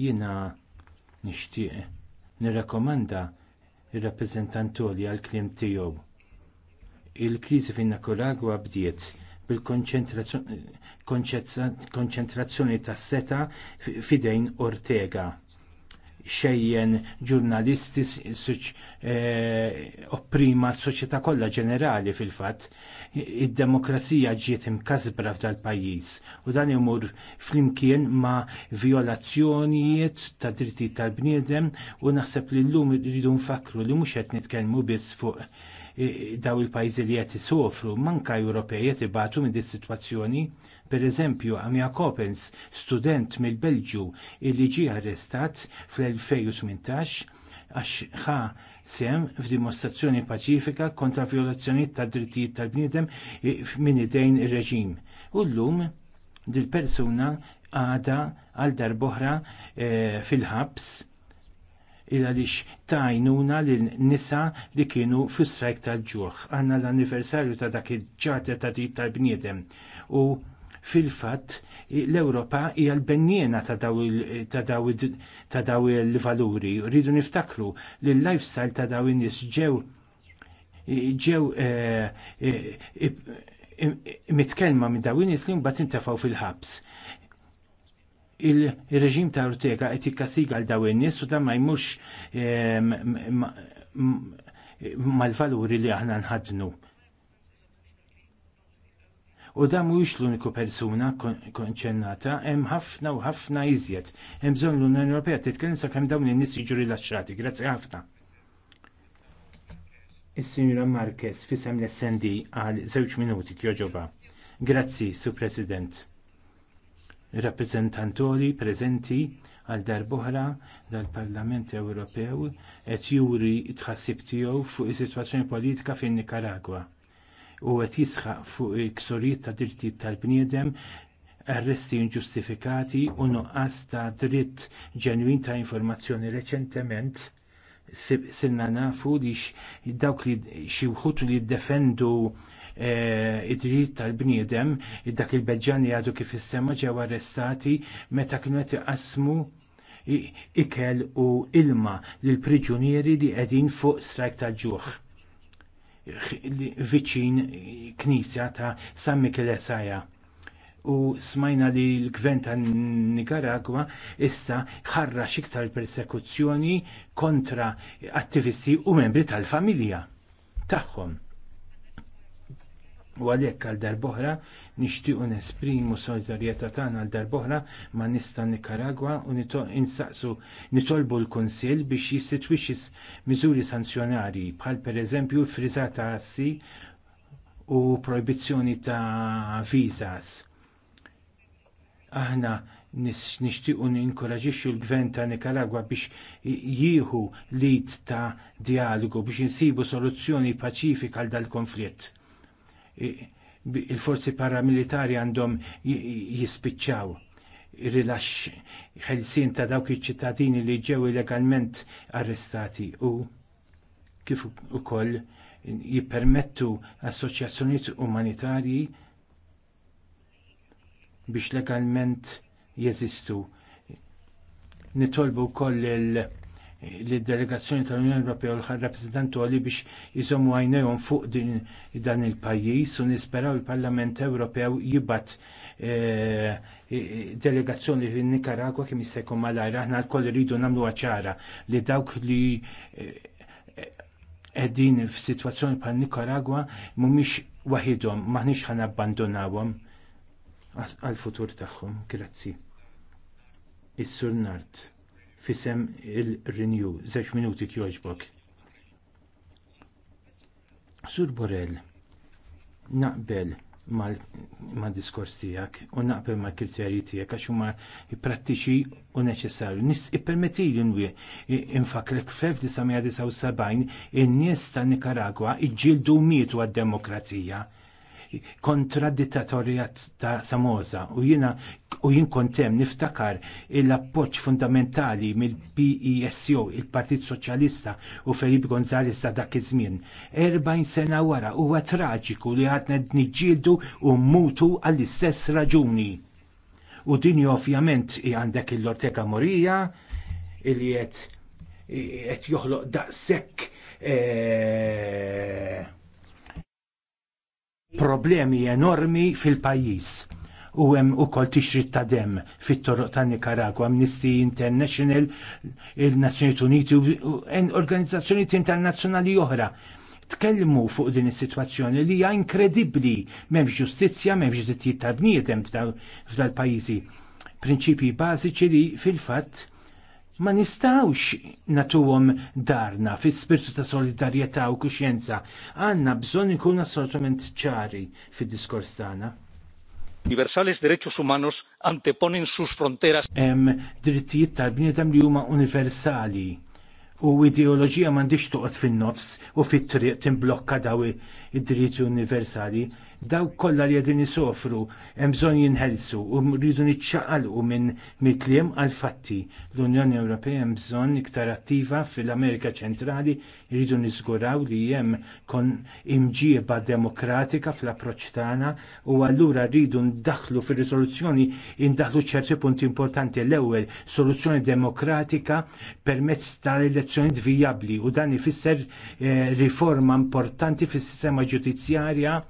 Jiena nixtieq nirrakkomanda r rappreżentantoli għall kliem tiegħu il-kriżi fin-Nikaragwa bdiet bil-konċentrazzjoni tas-seta f'idejn Ortega xejjen ġurnalisti eh, opprima s-soċjetà kollha ġenerali fil-fatt id-demokrazija ġiet imkasbra f'dal pajjiż u dan imur flimkien ma' violazzjonijiet ta' drittijiet tal-bniedem u naħseb li llum irridu nfakru li mhux qed nitkellmu biss fuq daw il pajzi li qed isofru manka Ewropej jati batu minn dis-sitwazzjoni. Pereżempju, Amia Coppens, student mill-Belġju li ġie arrestat fl-2018 għax ħa sem f'dimostrazzjoni paċifika kontra violazzjoni tad drittijiet tal-bniedem minn idejn ir-reġim. U llum dil-persuna għada għal darboħra eh, fil-ħabs il għaliex tajnuna lil nisa li kienu fi strajk tal-ġuħ. Għanna l-anniversarju ta' dak il-ġarta ta' dritt tal-bniedem u fil-fatt l-Ewropa hija l benjena ta' daw il-valuri. Rridu niftakru li l-lifestyle ta' daw in-nies ġew ġew eh, eh, eh, mitkelma minn dawn in-nies li mbagħad intefgħu fil-ħabs il-reġim ta' Ortega qed jikkasiga għal daw in-nies u dan ma jmux mal-valuri li aħna nħadnu. U dan mhuwiex l-uniku persuna konċernata, hemm ħafna u ħafna iżjed. Hemm bżonn l-Unjoni Ewropea titkellem sakemm dawn in-nies jiġu rilaxxati. Grazzi ħafna. Is-Sinjura Marquez fisem l-SND għal żewġ minuti kjoġoba. Grazzi, Sur President rappreżentantori preżenti għal darb'oħra dal-Parlament Ewropew qed juri t tħassib tiegħu fuq is-sitwazzjoni politika fin-Nikaragwa u qed jisħaq fuq il-ksurijiet ta' drittijiet tal-bniedem arresti inġustifikati u nuqqas ta' dritt ġenwin ta' informazzjoni reċentement silna nafu li dawk li xi wħud li jiddefendu Eh, id-dritt tal-bniedem, id dak il-Belġani għadu kif is-sema ġew arrestati meta kienu qed iqasmu ikel u ilma lill priġunieri li qegħdin fuq strajk tal-ġuħ viċin knisja ta' San Michele Saja u smajna li l-gvern ta' Nicaragua issa ħarra xiktar persekuzzjoni kontra attivisti u membri tal-familja tagħhom. U għalhekk għal darboħra nixtiequ nesprimu solidarjetà tagħna għal darboħra ma' nista' Nikaragwa u insaqsu nitolbu l-Kunsill biex jistitwixxi miżuri sanzjonari bħal pereżempju l-friżar ta' assi u proibizzjoni ta' visas. Aħna nixtiequ ninkoraġixxu l-gvern ta' Nikaragwa biex jieħu lid ta' dijalogu biex insibu soluzzjoni paċifika għal dal-konflitt il-forzi paramilitari għandhom jispiċċaw rilax ħelsin ta' dawk iċ-ċittadini li ġew illegalment arrestati u kif ukoll jippermettu assoċjazzjonijiet umanitarji biex legalment jeżistu. Nitolbu wkoll il- li delegazzjoni tal-Unjoni Ewropea u l-rappresentant għali biex jizomu għajnejhom fuq din dan il-pajjiż u nisperaw il-Parlament Ewropew jibat eh, delegazzjoni fin nikaragwa kemm jista' jkun malajr aħna lkoll iridu nagħmlu ċara li dawk li eh, qegħdin f'sitwazzjoni bħal Nikaragwa mhumiex waħidhom maħniex ħan abbandonawhom għall futur tagħhom. Grazzi. Is-Sur Nart fisem il-Renew. Zeċ minuti kjoġbok. Sur Borrell, naqbel mal ma diskors tijak u naqbel mal kriterji tijak għax huma prattiċi u neċessarju. Nis ippermetti li nwi infakrek f'1979 in-nies ta' Nikaragwa iġġieldu mietu għad-demokrazija kontra dittatorja ta' Samoza u jiena u jien kontem niftakar l-appoġġ fundamentali mill-PESO, il-Partit Soċjalista u Felipe Gonzalez ta' dak iż-żmien. 40 sena wara huwa traġiku li ħadna niġġieldu u mutu għall-istess raġuni. U din ovvjament għandek il-Ortega Morija li qed joħloq daqshekk eh, problemi enormi fil-pajjiż u hemm ukoll tixrid ta' dem fit-toroq ta' Nicaragua, Amnesty International, il-Nazzjonijiet Uniti u organizzazzjonijiet internazzjonali oħra tkellmu fuq din is-sitwazzjoni li hija inkredibbli m'hemmx ġustizzja, m'hemmx drittijiet ta' bniedem f'dal pajjiżi. Prinċipji bażiċi li fil-fatt ma nistawx natuwom darna fis spirtu ta' solidarjetà u kuxjenza. Għanna bżonn ikun assolutament ċari fid-diskors tagħna. Universales derechos humanos anteponen sus fronteras. Hemm drittijiet tal-bniedem li huma universali u ideoloġija m'għandix toqgħod fin-nofs u fit-triq timblokka daw id-dritti universali. Daw kollha li qegħdin isofru hemm bżonn jinħelsu u rridu niċċaqalqu minn mikliem għal fatti. L-Unjoni Ewropea hemm bżonn iktar attiva fil-Amerika Ċentrali rridu niżguraw li hemm kon imġieba demokratika fl-approċċ tagħna u allura rridu ndaħlu fir-riżoluzzjoni indaħlu ċerti punti importanti l-ewwel soluzzjoni demokratika permezz tal elezzjoni vijabbli u dan ifisser eh, riforma importanti fis-sistema ġudizzjarja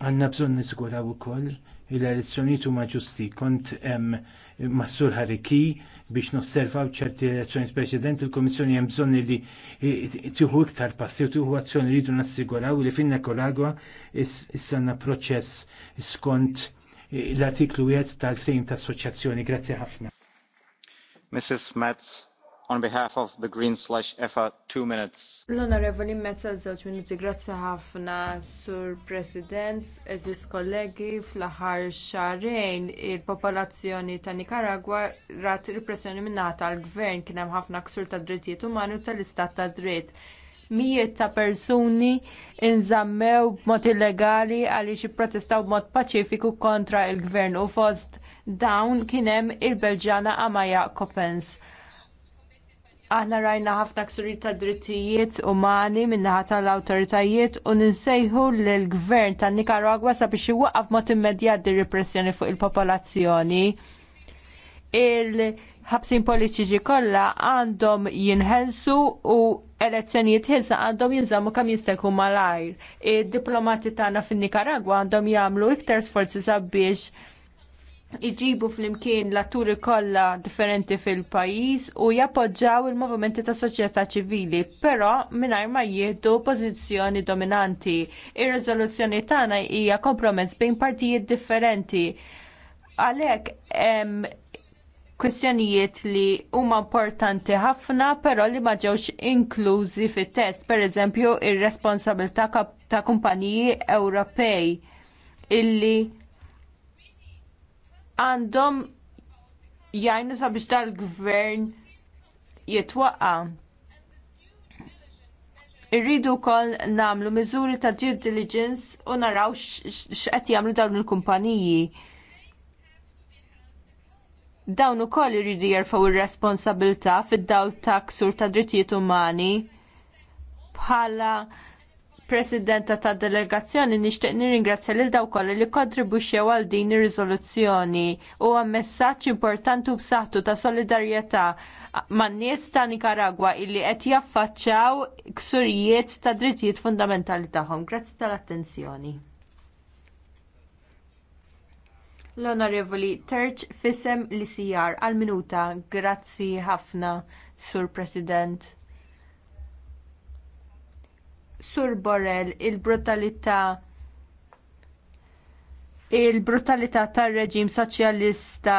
Għanna bżonn niżguraw ukoll il-elezzjonijiet huma ġusti. Kont hemm Massur Ħariki biex nosservaw ċerti elezzjonijiet preċedenti il-Komissjoni hemm bżonn li tieħu iktar passi u tieħu azzjoni li jridu nassiguraw li fin Nicaragua issa proċess skont l-artiklu 1 tal-trim ta' assoċjazzjoni. Grazzi ħafna. Mrs. Metz on behalf of the Green slash EFA two minutes. L-Onorevoli Mezza żewġ minuti, grazzi ħafna sur President, eżis kollegi fl-aħħar xarejn il-popolazzjoni ta' Nicaragua rat repressjoni minnata għal gvern kien hemm ħafna ksur ta' drittijiet umani u tal-istat ta' dritt. Mijiet ta' persuni inżammew b'mod illegali għaliex jipprotestaw b'mod paċifiku kontra il-gvern u fost dawn kienem il-Belġana Amaya Coppens aħna rajna ħafna ksuri ta' drittijiet umani min-naħa tal-awtoritajiet u ninsejħu lill gvern tan Nikaragwa sabiex iwaqqaf mod immedjat di repressjoni fuq il-popolazzjoni. Il-ħabsin politiċi kollha għandhom jinħelsu u elezzjonijiet ħilsa għandhom jinżammu kemm jista' jkun malajr. Id-diplomati tagħna fin-Nikaragwa għandhom jagħmlu iktar sforzi sabiex iġibu flimkien l-atturi kollha differenti fil-pajjiż u jappoġġjaw il-movimenti ta' soċjetà ċivili, però mingħajr ma jieħdu pożizzjoni dominanti. Ir-riżoluzzjoni tagħna hija kompromess bejn partijiet differenti. Għalhekk hemm kwistjonijiet li huma importanti ħafna però li ma ġewx inklużi fit-test, pereżempju r responsabilità ta' kumpaniji Ewropej illi għandhom jgħinu sabiex tal-gvern jitwaqqa. Irridu wkoll nagħmlu miżuri ta' due diligence u naraw x'qed jagħmlu dawn il-kumpaniji. Dawn ukoll irridu jerfgħu ir-responsabilità fid-dawl ta' ksur ta' drittijiet umani bħala presidenta tad delegazzjoni nixtieq nirringrazzja lil dawk kollha li kontribwixxew għal din ir-riżoluzzjoni huwa messaġġ importanti u b'saħħtu ta' solidarjetà man-nies ta' Nikaragwa illi qed jaffaċċjaw ksurijiet ta' drittijiet fundamentali tagħhom. Grazzi tal-attenzjoni. L-Onorevoli Terċ fisem li sijar għal minuta. Grazzi ħafna, Sur President Sur Borrell, il-brutalità il-brutalità tar-reġim soċjalista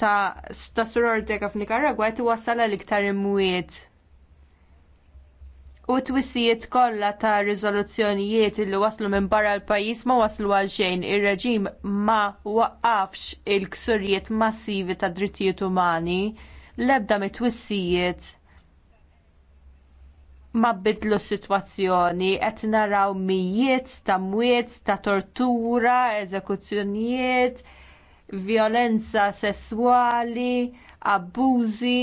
ta', ta Sur Ortega f'Nikaragwa qed iwassal għal iktar imwiet. U twissijiet kollha ta' riżoluzzjonijiet li waslu minn barra l-pajjiż ma waslu għal xejn, ir-reġim ma waqafx il-ksurijiet massivi tad drittijiet umani l-ebda mit-twissijiet ma bidlu s-sitwazzjoni qed naraw mijiet ta' mwiet ta' tortura, eżekuzzjonijiet, vjolenza sesswali, abbużi.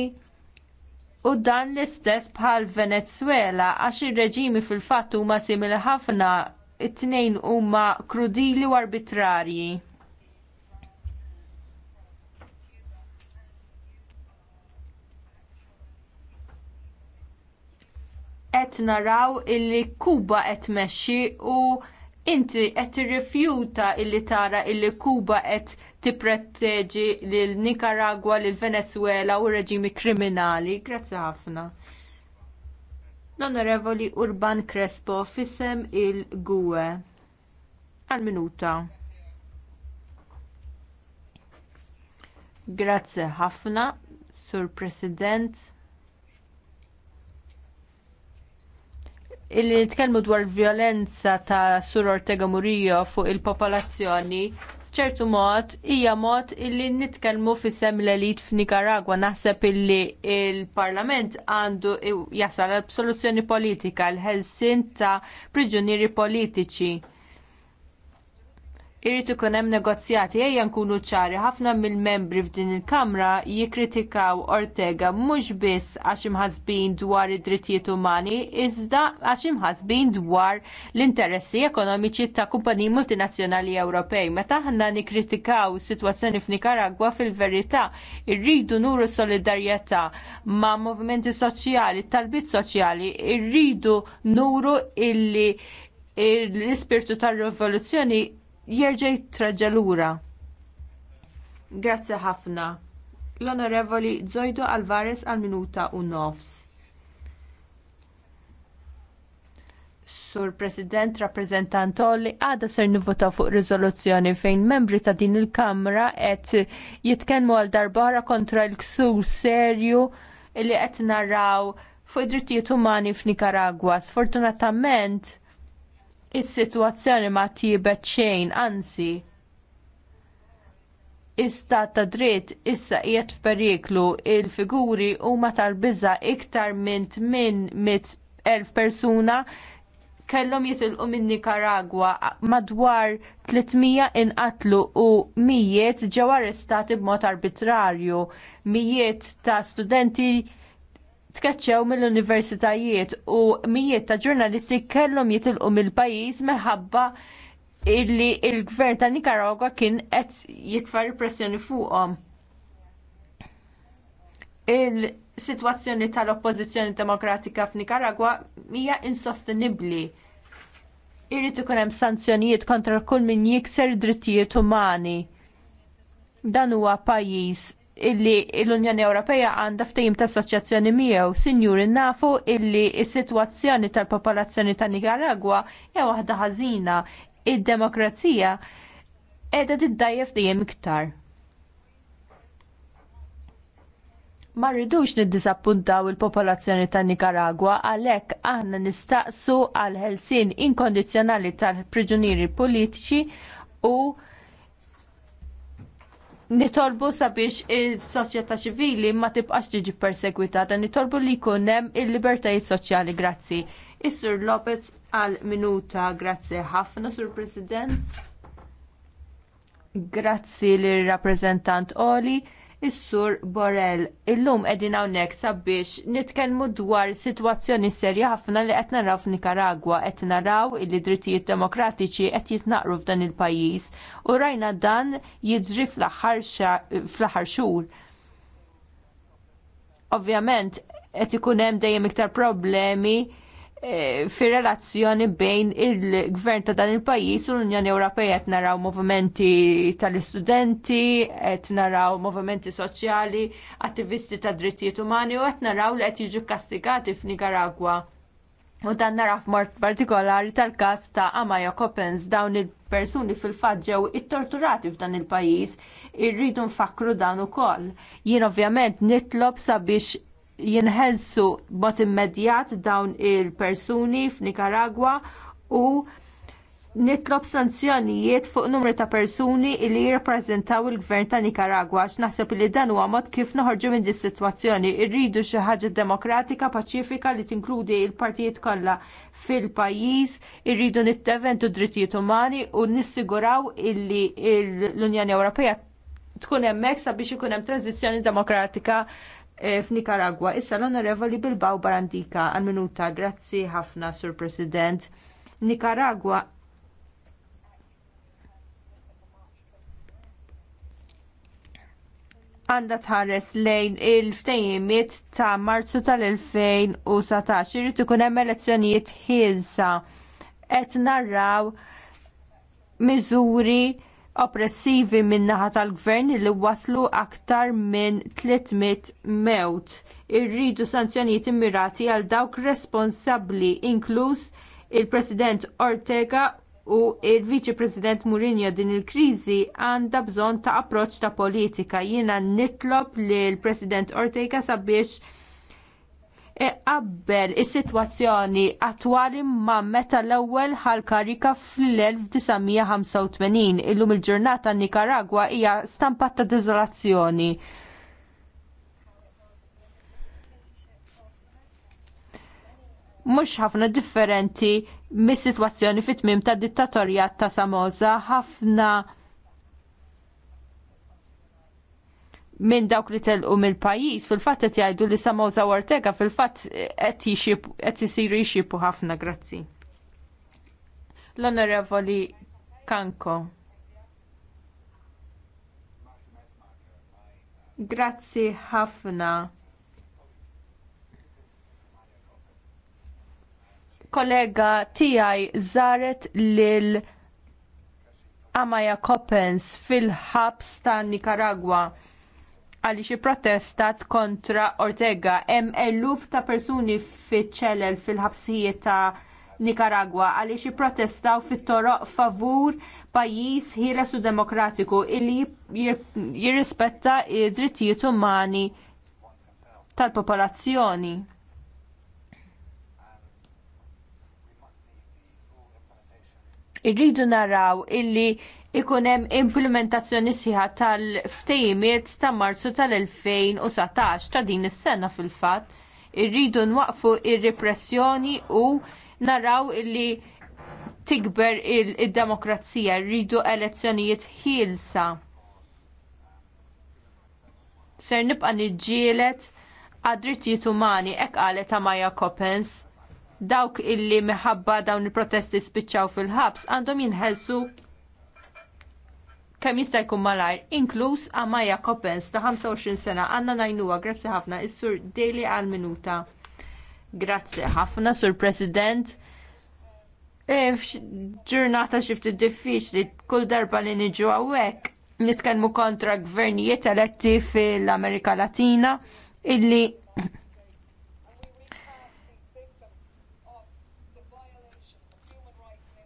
U dan l-istess bħal Venezwela għax ir-reġimi fil-fatt huma simili ħafna it-tnejn huma krudili u arbitrarji. qed naraw illi Kuba qed tmexxi u inti qed tirrifjuta illi tara illi Kuba qed tipproteġi lil Nikaragwa, lil Venezuela u reġimi kriminali. Grazzi ħafna. L-Onorevoli Urban Crespo fisem il-Gwe. Għal-minuta. Grazzi ħafna, Sur President. illi nitkellmu dwar violenza ta' Sur Ortega Murillo fuq il-popolazzjoni ċertu mod hija mod illi nitkellmu fi-sem l-elit f'Nikaragwa naħseb illi l parlament għandu jasal għal soluzzjoni politika l-ħelsin ta' priġunieri politiċi Irrid ikun hemm negozjati ejja nkunu ċari ħafna mill-membri f'din il-Kamra jikkritikaw Ortega mhux biss għax imħasbin dwar id-drittijiet umani, iżda għax imħasbin dwar l-interessi ekonomiċi ta' kumpaniji multinazzjonali Ewropej. Meta aħna nikkritikaw is-sitwazzjoni f'Nikaragwa fil-verità irridu nuru solidarjetà ma' movimenti soċjali, talbit soċjali, irridu nuru illi l-ispirtu tar-rivoluzzjoni jerġa' jitraġġa' lura. Grazzi ħafna. L-Onorevoli Zojdo Alvarez għal minuta u nofs. Sur President, rappresentantoli, għada ser nivvotaw fuq riżoluzzjoni fejn membri ta' din il-Kamra qed jitkellmu għal darbara kontra l-ksur serju li qed naraw fuq id-drittijiet umani f'Nikaragwa. Sfortunatament, is-sitwazzjoni ma tjibet xejn, anzi. Istat ta' dritt issa qiegħed f'periklu il-figuri huma tal-biża' iktar minn 800,000 persuna kellhom jisilqu minn Nikaragwa madwar 300 inqatlu u mijiet ġew arrestati b'mod arbitrarju. Mijiet ta' studenti tkeċċew mill-universitajiet u mijiet ta' ġurnalisti kellhom jitilqu mill-pajjiż minħabba illi l il gvern ta' Nicaragua kien qed jitfa' pressjoni fuqhom. Il-sitwazzjoni tal-Oppożizzjoni Demokratika f'Nicaragua hija insostenibbli. Irrid ikun hemm sanzjonijiet kontra kull min jikser drittijiet umani. Dan huwa pajjiż illi l-Unjoni Ewropea għandha ftehim ta' assoċjazzjoni miegħu, sinjuri nafu illi s-sitwazzjoni tal-popolazzjoni ta' Nicaragua hija waħda ħażina. Id-demokrazija qiegħda tiddajjef dejjem iktar. Ma rridux niddisappuntaw il-popolazzjoni ta' Nicaragua għalhekk aħna nistaqsu għal ħelsien inkondizzjonali tal-priġunieri politiċi u nitolbu sabiex il-soċjetà ċivili ma tibqax tiġi ppersegwitata. nitolbu li jkun hemm il-libertajiet soċjali, grazzi. Is-Sur Lopez għal minuta, grazzi ħafna, Sur President. Grazzi lir rappreżentant Oli. Is-Sur Borrell, illum qegħdin hawnhekk sabiex nitkellmu dwar sitwazzjoni serja ħafna li qed naraw f'Nikaragwa, qed naraw li drittijiet demokratiċi qed jitnaqru f'dan il-pajjiż u rajna dan jiġri fl-aħħar xhur. Ovvjament qed ikun hemm dejjem iktar problemi Eh, fir relazzjoni bejn il-gvern ta' dan il-pajjiż u l-Unjoni Ewropea qed naraw movimenti tal-istudenti, qed naraw movimenti soċjali, attivisti ta' drittijiet umani u qed naraw li qed jiġu kastigati f'Nikaragwa. U dan nara f'mort partikolari tal-każ ta' Amaya Coppens dawn il-persuni fil-fatt ġew ittorturati f'dan il-pajjiż irridu nfakru dan ukoll. Jien ovvjament nitlob sabiex jinħelsu bot immedjat dawn il-persuni f'Nikaragwa u nitlob sanzjonijiet fuq numru ta' persuni li jirrappreżentaw il-gvern ta' Nikaragwa għax naħseb li dan huwa mod kif noħorġu minn dis sitwazzjoni. Irridu xi ħaġa demokratika paċifika li tinkludi l-partijiet kollha fil-pajjiż, irridu nitteventu drittijiet umani u nissiguraw illi l-Unjoni Ewropea tkun hemmhekk sabiex ikun hemm tranzizzjoni demokratika Eh, f'Nikaragwa. Issa l-Onorevoli Bilbao Barandika għal minuta. Grazzi ħafna, Sur President. Nikaragwa għandha tħares lejn il-ftejimiet ta' Marzu tal-2017 irid ikun hemm elezzjonijiet ħielsa qed narraw miżuri oppressivi min-naħa tal-gvern li waslu aktar minn 300 mewt. Irridu sanzjonijiet immirati għal dawk responsabbli inkluż il-President Ortega u l viċi President Mourinho din il-kriżi għandha bżonn ta' approċċ ta' politika. Jiena nitlob lill President Ortega sabiex Qabel is-sitwazzjoni attwali ma' meta l-ewwel ħal-karika fl-1985 illum il-ġurnata Nikaragwa hija stampat ta' deżolazzjoni. Mhux ħafna differenti mis-sitwazzjoni fit-tmiem tad dittatorjat ta' Samoza ħafna minn dawk li telqu mill-pajjiż fil-fatt qed jgħidu li Samoza Ortega fil-fatt qed isiru jxibu ħafna grazzi. L-Onorevoli Kanko. Grazzi ħafna. kollega tiegħi żaret lil Amaya Coppens fil-ħabs ta' Nicaragua għaliex protesta kontra Ortega. Hemm eluf ta' persuni fiċ-ċelel fil-ħabsijiet ta' Nikaragwa għaliex ipprotestaw fit-toroq favur pajjiż ħieles u demokratiku illi jirrispetta d drittijiet umani tal-popolazzjoni. irridu naraw illi ikun hemm implementazzjoni sħiħa tal-ftejimiet ta' Marzu tal-2019 ta' din is-sena fil-fatt. Irridu nwaqfu r repressjoni u naraw li tikber id-demokrazija, rridu elezzjonijiet ħielsa. Ser nibqa' niġġielet għad-drittijiet umani, hekk qalet Amaya Coppens, dawk illi minħabba dawn il-protesti spiċċaw fil-ħabs għandhom jinħelsu kemm jista' jkun malajr, inkluż Amaja Coppens ta' 25 sena għandna ngħinuha grazzi ħafna is-Sur Daily għal minuta. Grazzi ħafna, Sur President. E, ġurnata xifti diffiċli kull darba li niġu hawnhekk nitkellmu kontra gvernijiet eletti fil-Amerika Latina illi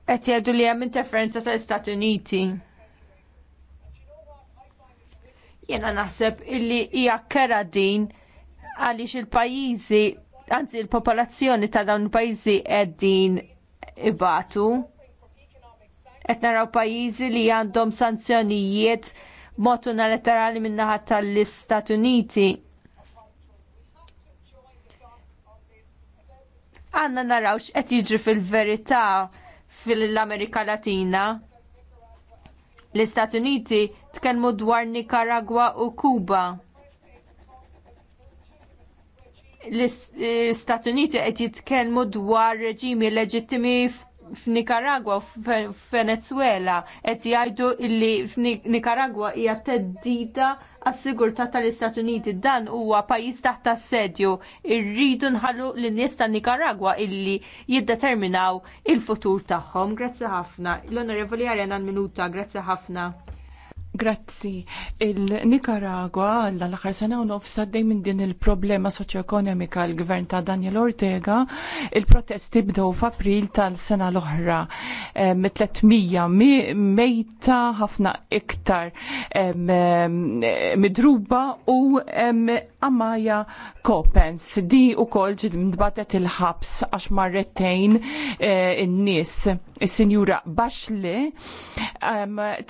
qed jgħidu li hemm interferenza tal-Istati Uniti Jena naħseb illi hija kera din għaliex il-pajjiżi, anzi il-popolazzjoni ta' dawn il-pajjiżi qegħdin ibatu. Qed naraw pajjiżi li għandhom sanzjonijiet b'mod unilaterali min-naħa tal-Istati Uniti għanna narawx qed jiġri fil-verità fil-Amerika Latina. L-Istati Uniti tkellmu dwar Nikaragwa u Kuba. L-Istati Uniti qed jitkellmu dwar reġimi leġittimi f'Nikaragwa u f'Venezuela qed jgħidu li f'Nikaragwa hija teddida għas-sigurtà tal-Istati Uniti dan huwa pajjiż taħt assedju irridu nħallu lin-nies ta' Nikaragwa illi jiddeterminaw il-futur tagħhom. Grazzi ħafna. L-Onorevoli Arena minuta, grazzi ħafna. Grazzi. Il-Nicaragua l-aħħar sena u nofsa minn din il-problema soċjoekonomika l-gvern ta' Daniel Ortega, il-protesti bdew f'April tal-sena l-oħra. 300 mejta ħafna iktar midruba u Amaja Kopens. Di u kol ġidmdbatet il-ħabs għax marretejn eh, in-nies. Is-sinjura Baxli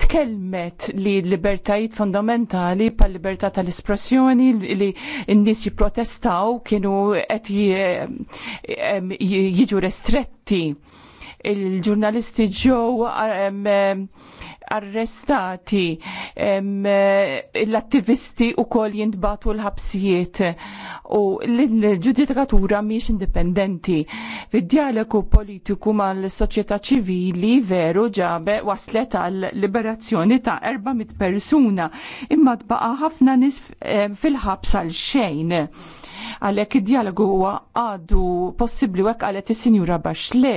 tkellmet li l-libertajiet fundamentali pal libertà tal-espressjoni li n-nies jipprotestaw kienu qed jiġu restretti il-ġurnalisti ġew arrestati, l-attivisti u koll jintbatu l-ħabsijiet u l-ġudikatura miex indipendenti. Fid-dialogu politiku mal-soċjetà ċivili veru ġabe waslet għal liberazzjoni ta' 400 persuna imma tbaqa ħafna nis fil-ħabs għal xejn għalek id-dialogu huwa għadu possibli għek għalet il-Sinjura Baxle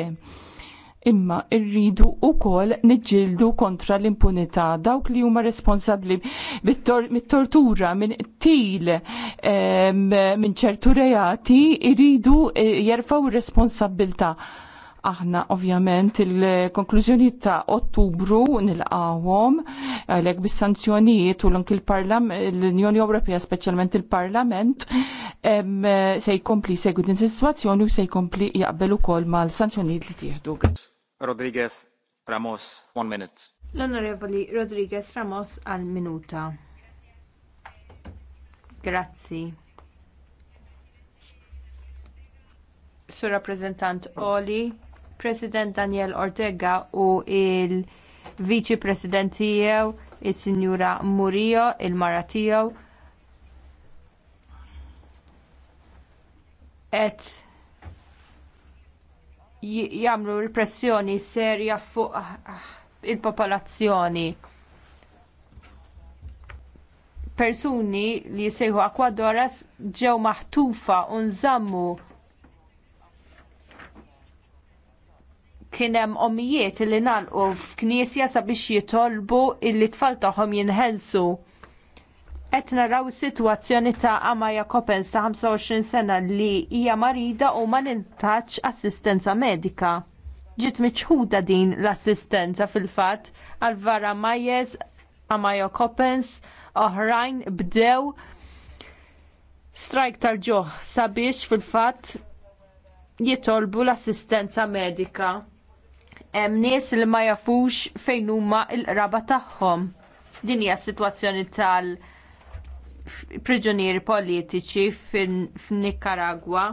imma irridu wkoll niġġieldu kontra l-impunità dawk li huma responsabbli mit-tortura minn til eh, minn ċertu reati irridu eh, jerfaw responsabilta. Aħna ovvjament il-konklużjoni ta' Ottubru nilqawhom għalhekk bis-sanzjonijiet u l-anki l-Unjoni Ewropea speċjalment il-Parlament se jkompli segwit din is-sitwazzjoni u se jkompli jaqbel ukoll mal-sanzjonijiet li tieħdu. Rodriguez Ramos, one minute. L-Onorevoli Rodriguez Ramos għal minuta. Grazzi. Sur rappresentant Oli, President Daniel Ortega u il-Viċi President tiegħu is-Sinjura Murillo il-mara tiegħu qed jagħmlu repressjoni serja fuq il-popolazzjoni. Persuni li jsejħu akwadoras ġew maħtufa u nżammu kien hemm omijiet li nalqu f'knisja sabiex jitolbu illi tfal tagħhom jinħelsu. Qed naraw sitwazzjoni ta' Amaja Kopens ta' 25 sena li hija marida u ma nintax assistenza medika. Ġiet miċħuda din l-assistenza fil-fatt għal Vara Majes, Amaja Kopens, oħrajn bdew strajk tal-ġoħ sabiex fil-fatt jitolbu l-assistenza medika hemm nies li ma jafux fejn huma l-qraba tagħhom. Din hija s-sitwazzjoni tal- priġunieri politiċi f'Nikaragwa.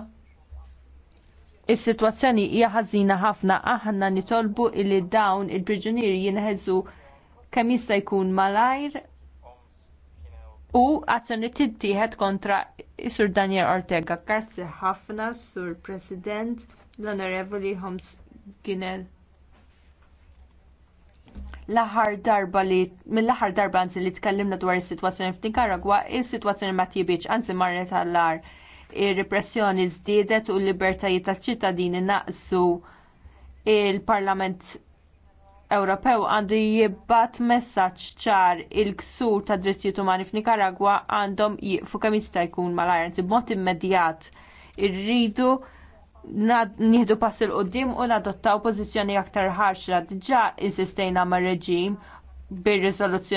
Is-sitwazzjoni hija ħażina ħafna aħna nitolbu li dawn il-priġunieri jinħeżu kemm jista' jkun malajr u azzjoni tittieħed kontra Sur Daniel Ortega. Grazzi ħafna, Sur President, l-Onorevoli Homs Ginel l-aħħar darba li mill-aħħar darba anzi li tkellimna dwar is-sitwazzjoni f'Nikaragwa, is-sitwazzjoni ma tibitx anzi marret għall-ar. Ir-repressjoni żdiedet u l-libertajiet tal-ċittadini naqsu il-Parlament Ewropew għandu jibbat messaġġ ċar il-ksur tad drittijiet umani f'Nikaragwa għandhom jiqfu kemm jista' jkun malajr b'mod immedjat. Irridu nieħdu pass il qoddim u nadottaw pożizzjoni aktar ħarxa diġà insistejna mar-reġim bir-riżoluzzjoni